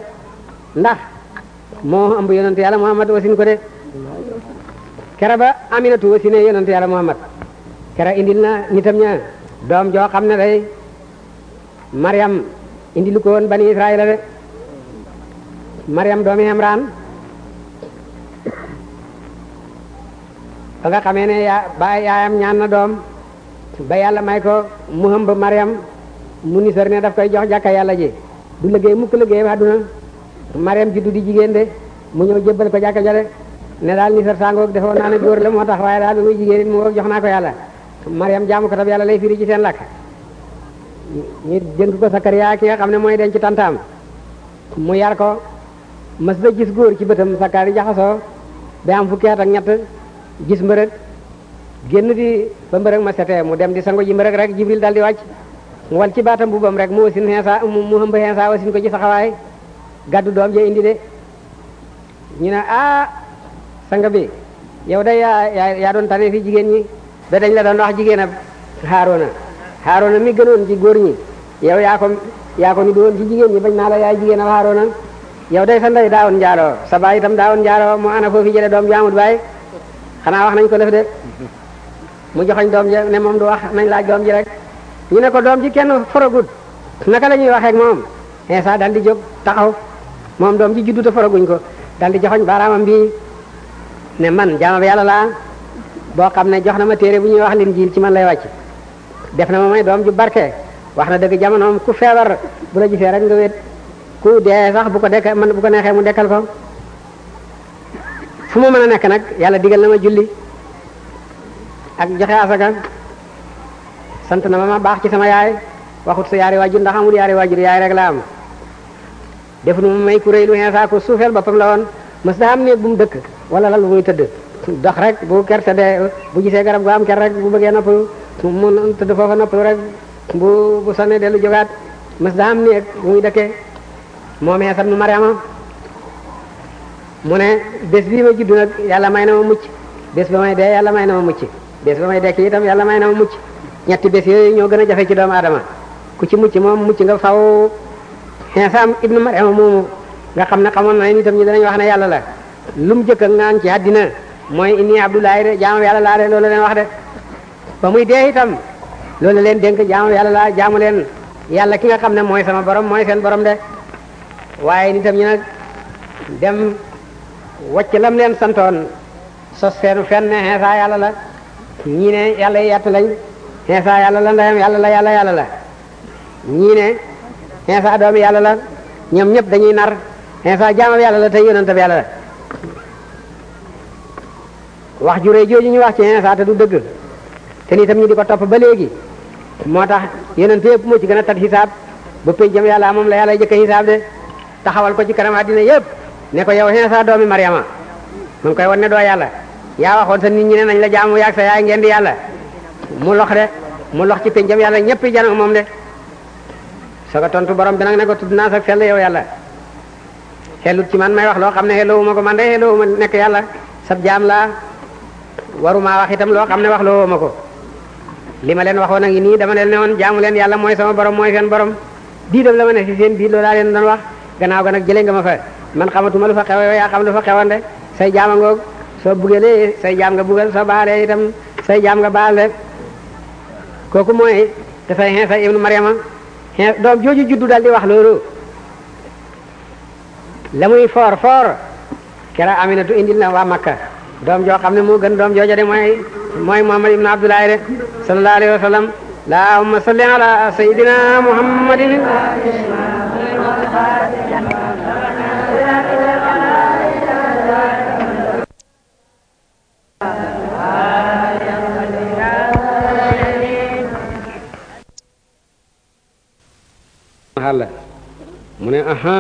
ndax moo ëmb yonent yàlla Muhammad wasin ko de kere ba aminatu wasi ne yonante yàlla muhammad kere indil na nitam ña doom joo xam ne day mariam indilu ko woon bani israila de mariam doomi imran ba nga xamee ne yaa yaayam ñaan na doom ba yàlla may ko mu hëmb mariam mu nisar ne daf koy jox jàkka yàlla ji du liggéey mukk liggéey àdduna mariam juddu di jigéen de mu ñëw jébbal ko jàkka jale ne daal ni sar sangoog defoon naa ne góor la moo tax waaye daal bi muy jigéen it mu ngoog jox naa ko yàlla Mariam jaamu ko tam yàlla lay firi ci seen lakk ñu jënd ko Sakariya ki nga xam ne mooy denc ci tantaam mu yar ko mas da gis góor ci bëtam Sakari jaxasoo ba am fukki at ak ñett gis mbërëg génn di ba mbërëg ma setee mu dem di sango ji mbërëg rek Jibril dal di wàcc mu wal ci baatam bu bam rek mu wasin xeesa mu hëmb xeesa wasin ko ci saxawaay gàddu doom indi sang bi yow day yaa yaa doon tane fi jigéen ñi ba dañ la doon wax jigéen ab xaaroona xaaroona mi gënoon ci góor ñi yow yaa ko yaa ko ni doon ci jigéen ñi bañ naa la yaay jigéen ab xaaroona yow da sa ndey daawoon njaaloo sa baay itam daawoon njaaloo mu ana foofu jële doom ju amut baay xanaa wax nañ ko lëf de mu joxoñ doom ji ne moom du wax nañ laaj doom ji rek ñu ne ko doom ji kenn forogut naka la ñuy waxeek moom sa dal di jóg taxaw moom doom ji juddu te foroguñ ko dal di joxoñ baaraamam ne man jaamab yàlla laa boo xam ne jox na ma téere bu ñuy wax lin jiil ci man lay wàcc def na ma may doom ju barke wax na dëgg jamonoom ku feebar bu la gisee rek nga wét ku dee sax bu ko dekk man bu ko neexee mu dekkal ko fu mu mën a nekk nag yàlla digal na ma julli ak joxe asaka sant na ma ma baax ci sama yaay waxut sa yaari waajur ndax amul yaari waajur yaay rek laa am defu nu may ku rëy lu xeesaa ko suufeel boppam la woon mës na am néeg bu dëkk wala la bu muy tëdd dox rek bu gerte dee bu gisee garab gu am ker rek bu bëggee noppalu mu tëdd foofa noppalu rek bu bu sonnee dellu jógaat mas daa am néeg bu muy dëkkee moom Iisa nu Mariama mu ne bés bii ma juddu nag yàlla may na ma mucc bés ba may dee yàlla may na ma mucc bés ba may dekk itam yàlla may na ma mucc bés yooyu ñoo gën a jafe ci doomu aadama ku ci mucc moom mucc nga faw Iisa ibnu Mariama moomu nga xam ne xamoon na itam ñi danañ wax ne yàlla la lu mu jëkk ak ci àddina mooy inni abdoulahi de jaamu yàlla laa de loolu leen wax de ba muy dee itam loolu leen dénk jaamu yàlla laa jaamu leen yàlla ki nga xam ne mooy sama borom mooy seen borom de waaye nitam ñu nag dem wacc lam leen santoon sos seenu fenn xeesaa yàlla la ñii ne yàlla yatt lañ xeesaa yàlla la ndeyam yàlla la yàlla yàlla la ñii ne xeesaa doomi yàlla la ñoom ñëpp dañuy nar xeesaa jaamam yàlla la te yonentam yàlla la wax jure jooju ñu wax ci Iisaa du dëgg te nii tam ñu di ko topp ba léegi moo tax yonent yëpp moo ci gën a tat xisaab ba pénjam yàlla moom la yàlla jëkk xisaab de taxawal ko ci kanam àddina yëpp ne ko yow Iisaa doomi Maryama mu koy wan ne doo yàlla yaa waxoon sa nit ñi ne nañ la jaamu yaag sa yaay ngeen di yàlla mu lox de mu lox ci pénjam yàlla ñëpp jano moom de sooga tontu borom bi nag ne ko tudd naa sax sell yow yàlla xellut ci man may wax loo xam ne xellowu ko man de xellowu ma nekk yàlla laa waruma wax itam loo xam ne wax loo ma ko li ma leen waxoon a ngi nii dama leen ne woon jaamu leen yàlla mooy sama borom mooy seen borom diidam la ma ne ci seen biir loolu laa leen nag jëlee nga man xamatuma lu fa xew yaa xam lu fa say jaama ngoog soo bugalee say jaam nga bugal soo baalee itam say jaam nga baal de kooku juddu daal wax loolu la muy foor foor kera Aminatu indil na waa Makka doom joo xam ne moo gën doom jooja de mooy mooy muhammad ibn abdullahi de sallallahu alayhi wa sallam allahumma salli ala sayidina muhammadin xàlla mu ne aha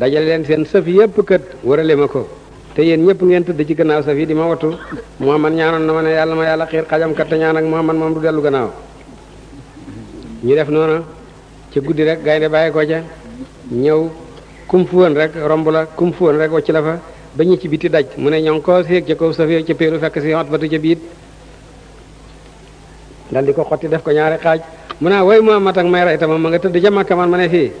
dajale leen seen sëf yépp kët wërale ma ko te yéen ñëpp ngeen tëdd ci gannaaw saf di ma wattu Muhammad ñaanoon na ma ne yàlla ma yàlla xiir xajam kat te ñaan ak Muhammad moom du dellu gannaaw ñu def noona ci guddi rek gaynde bàyyi ko ca ñëw kum fu woon rek romb la kum fu woon rek la fa ba ñu ci biti daj mu ne ñoo ko séeg ca kaw saf ca péeru fekk si xot batu ca biit dal di ko xotti def ko ñaari xaaj mu naa way Muhammad ak may rey tamam ma nga tëdd ca Makka man ma ne fii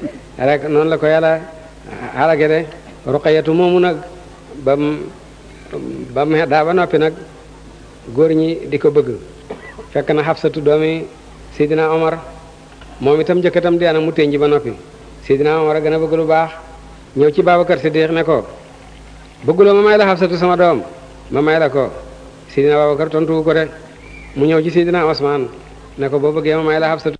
rek ba mu ba mu ba noppi nag góor ñi di ko bëgg fekk na Xafsatu doomi Seydina Omar moom itam jëkkatam dee na mu tënji ba noppi Seydina Omar a a bëgg lu baax ñëw ci Babacar Siddiq ne ko bëgguloo ma may la Xafsatu sama doom ma may la ko Seydina Babacar tontu ko de mu ñëw ci Seydina Osman ne ko boo bëggee ma may la Xafsatu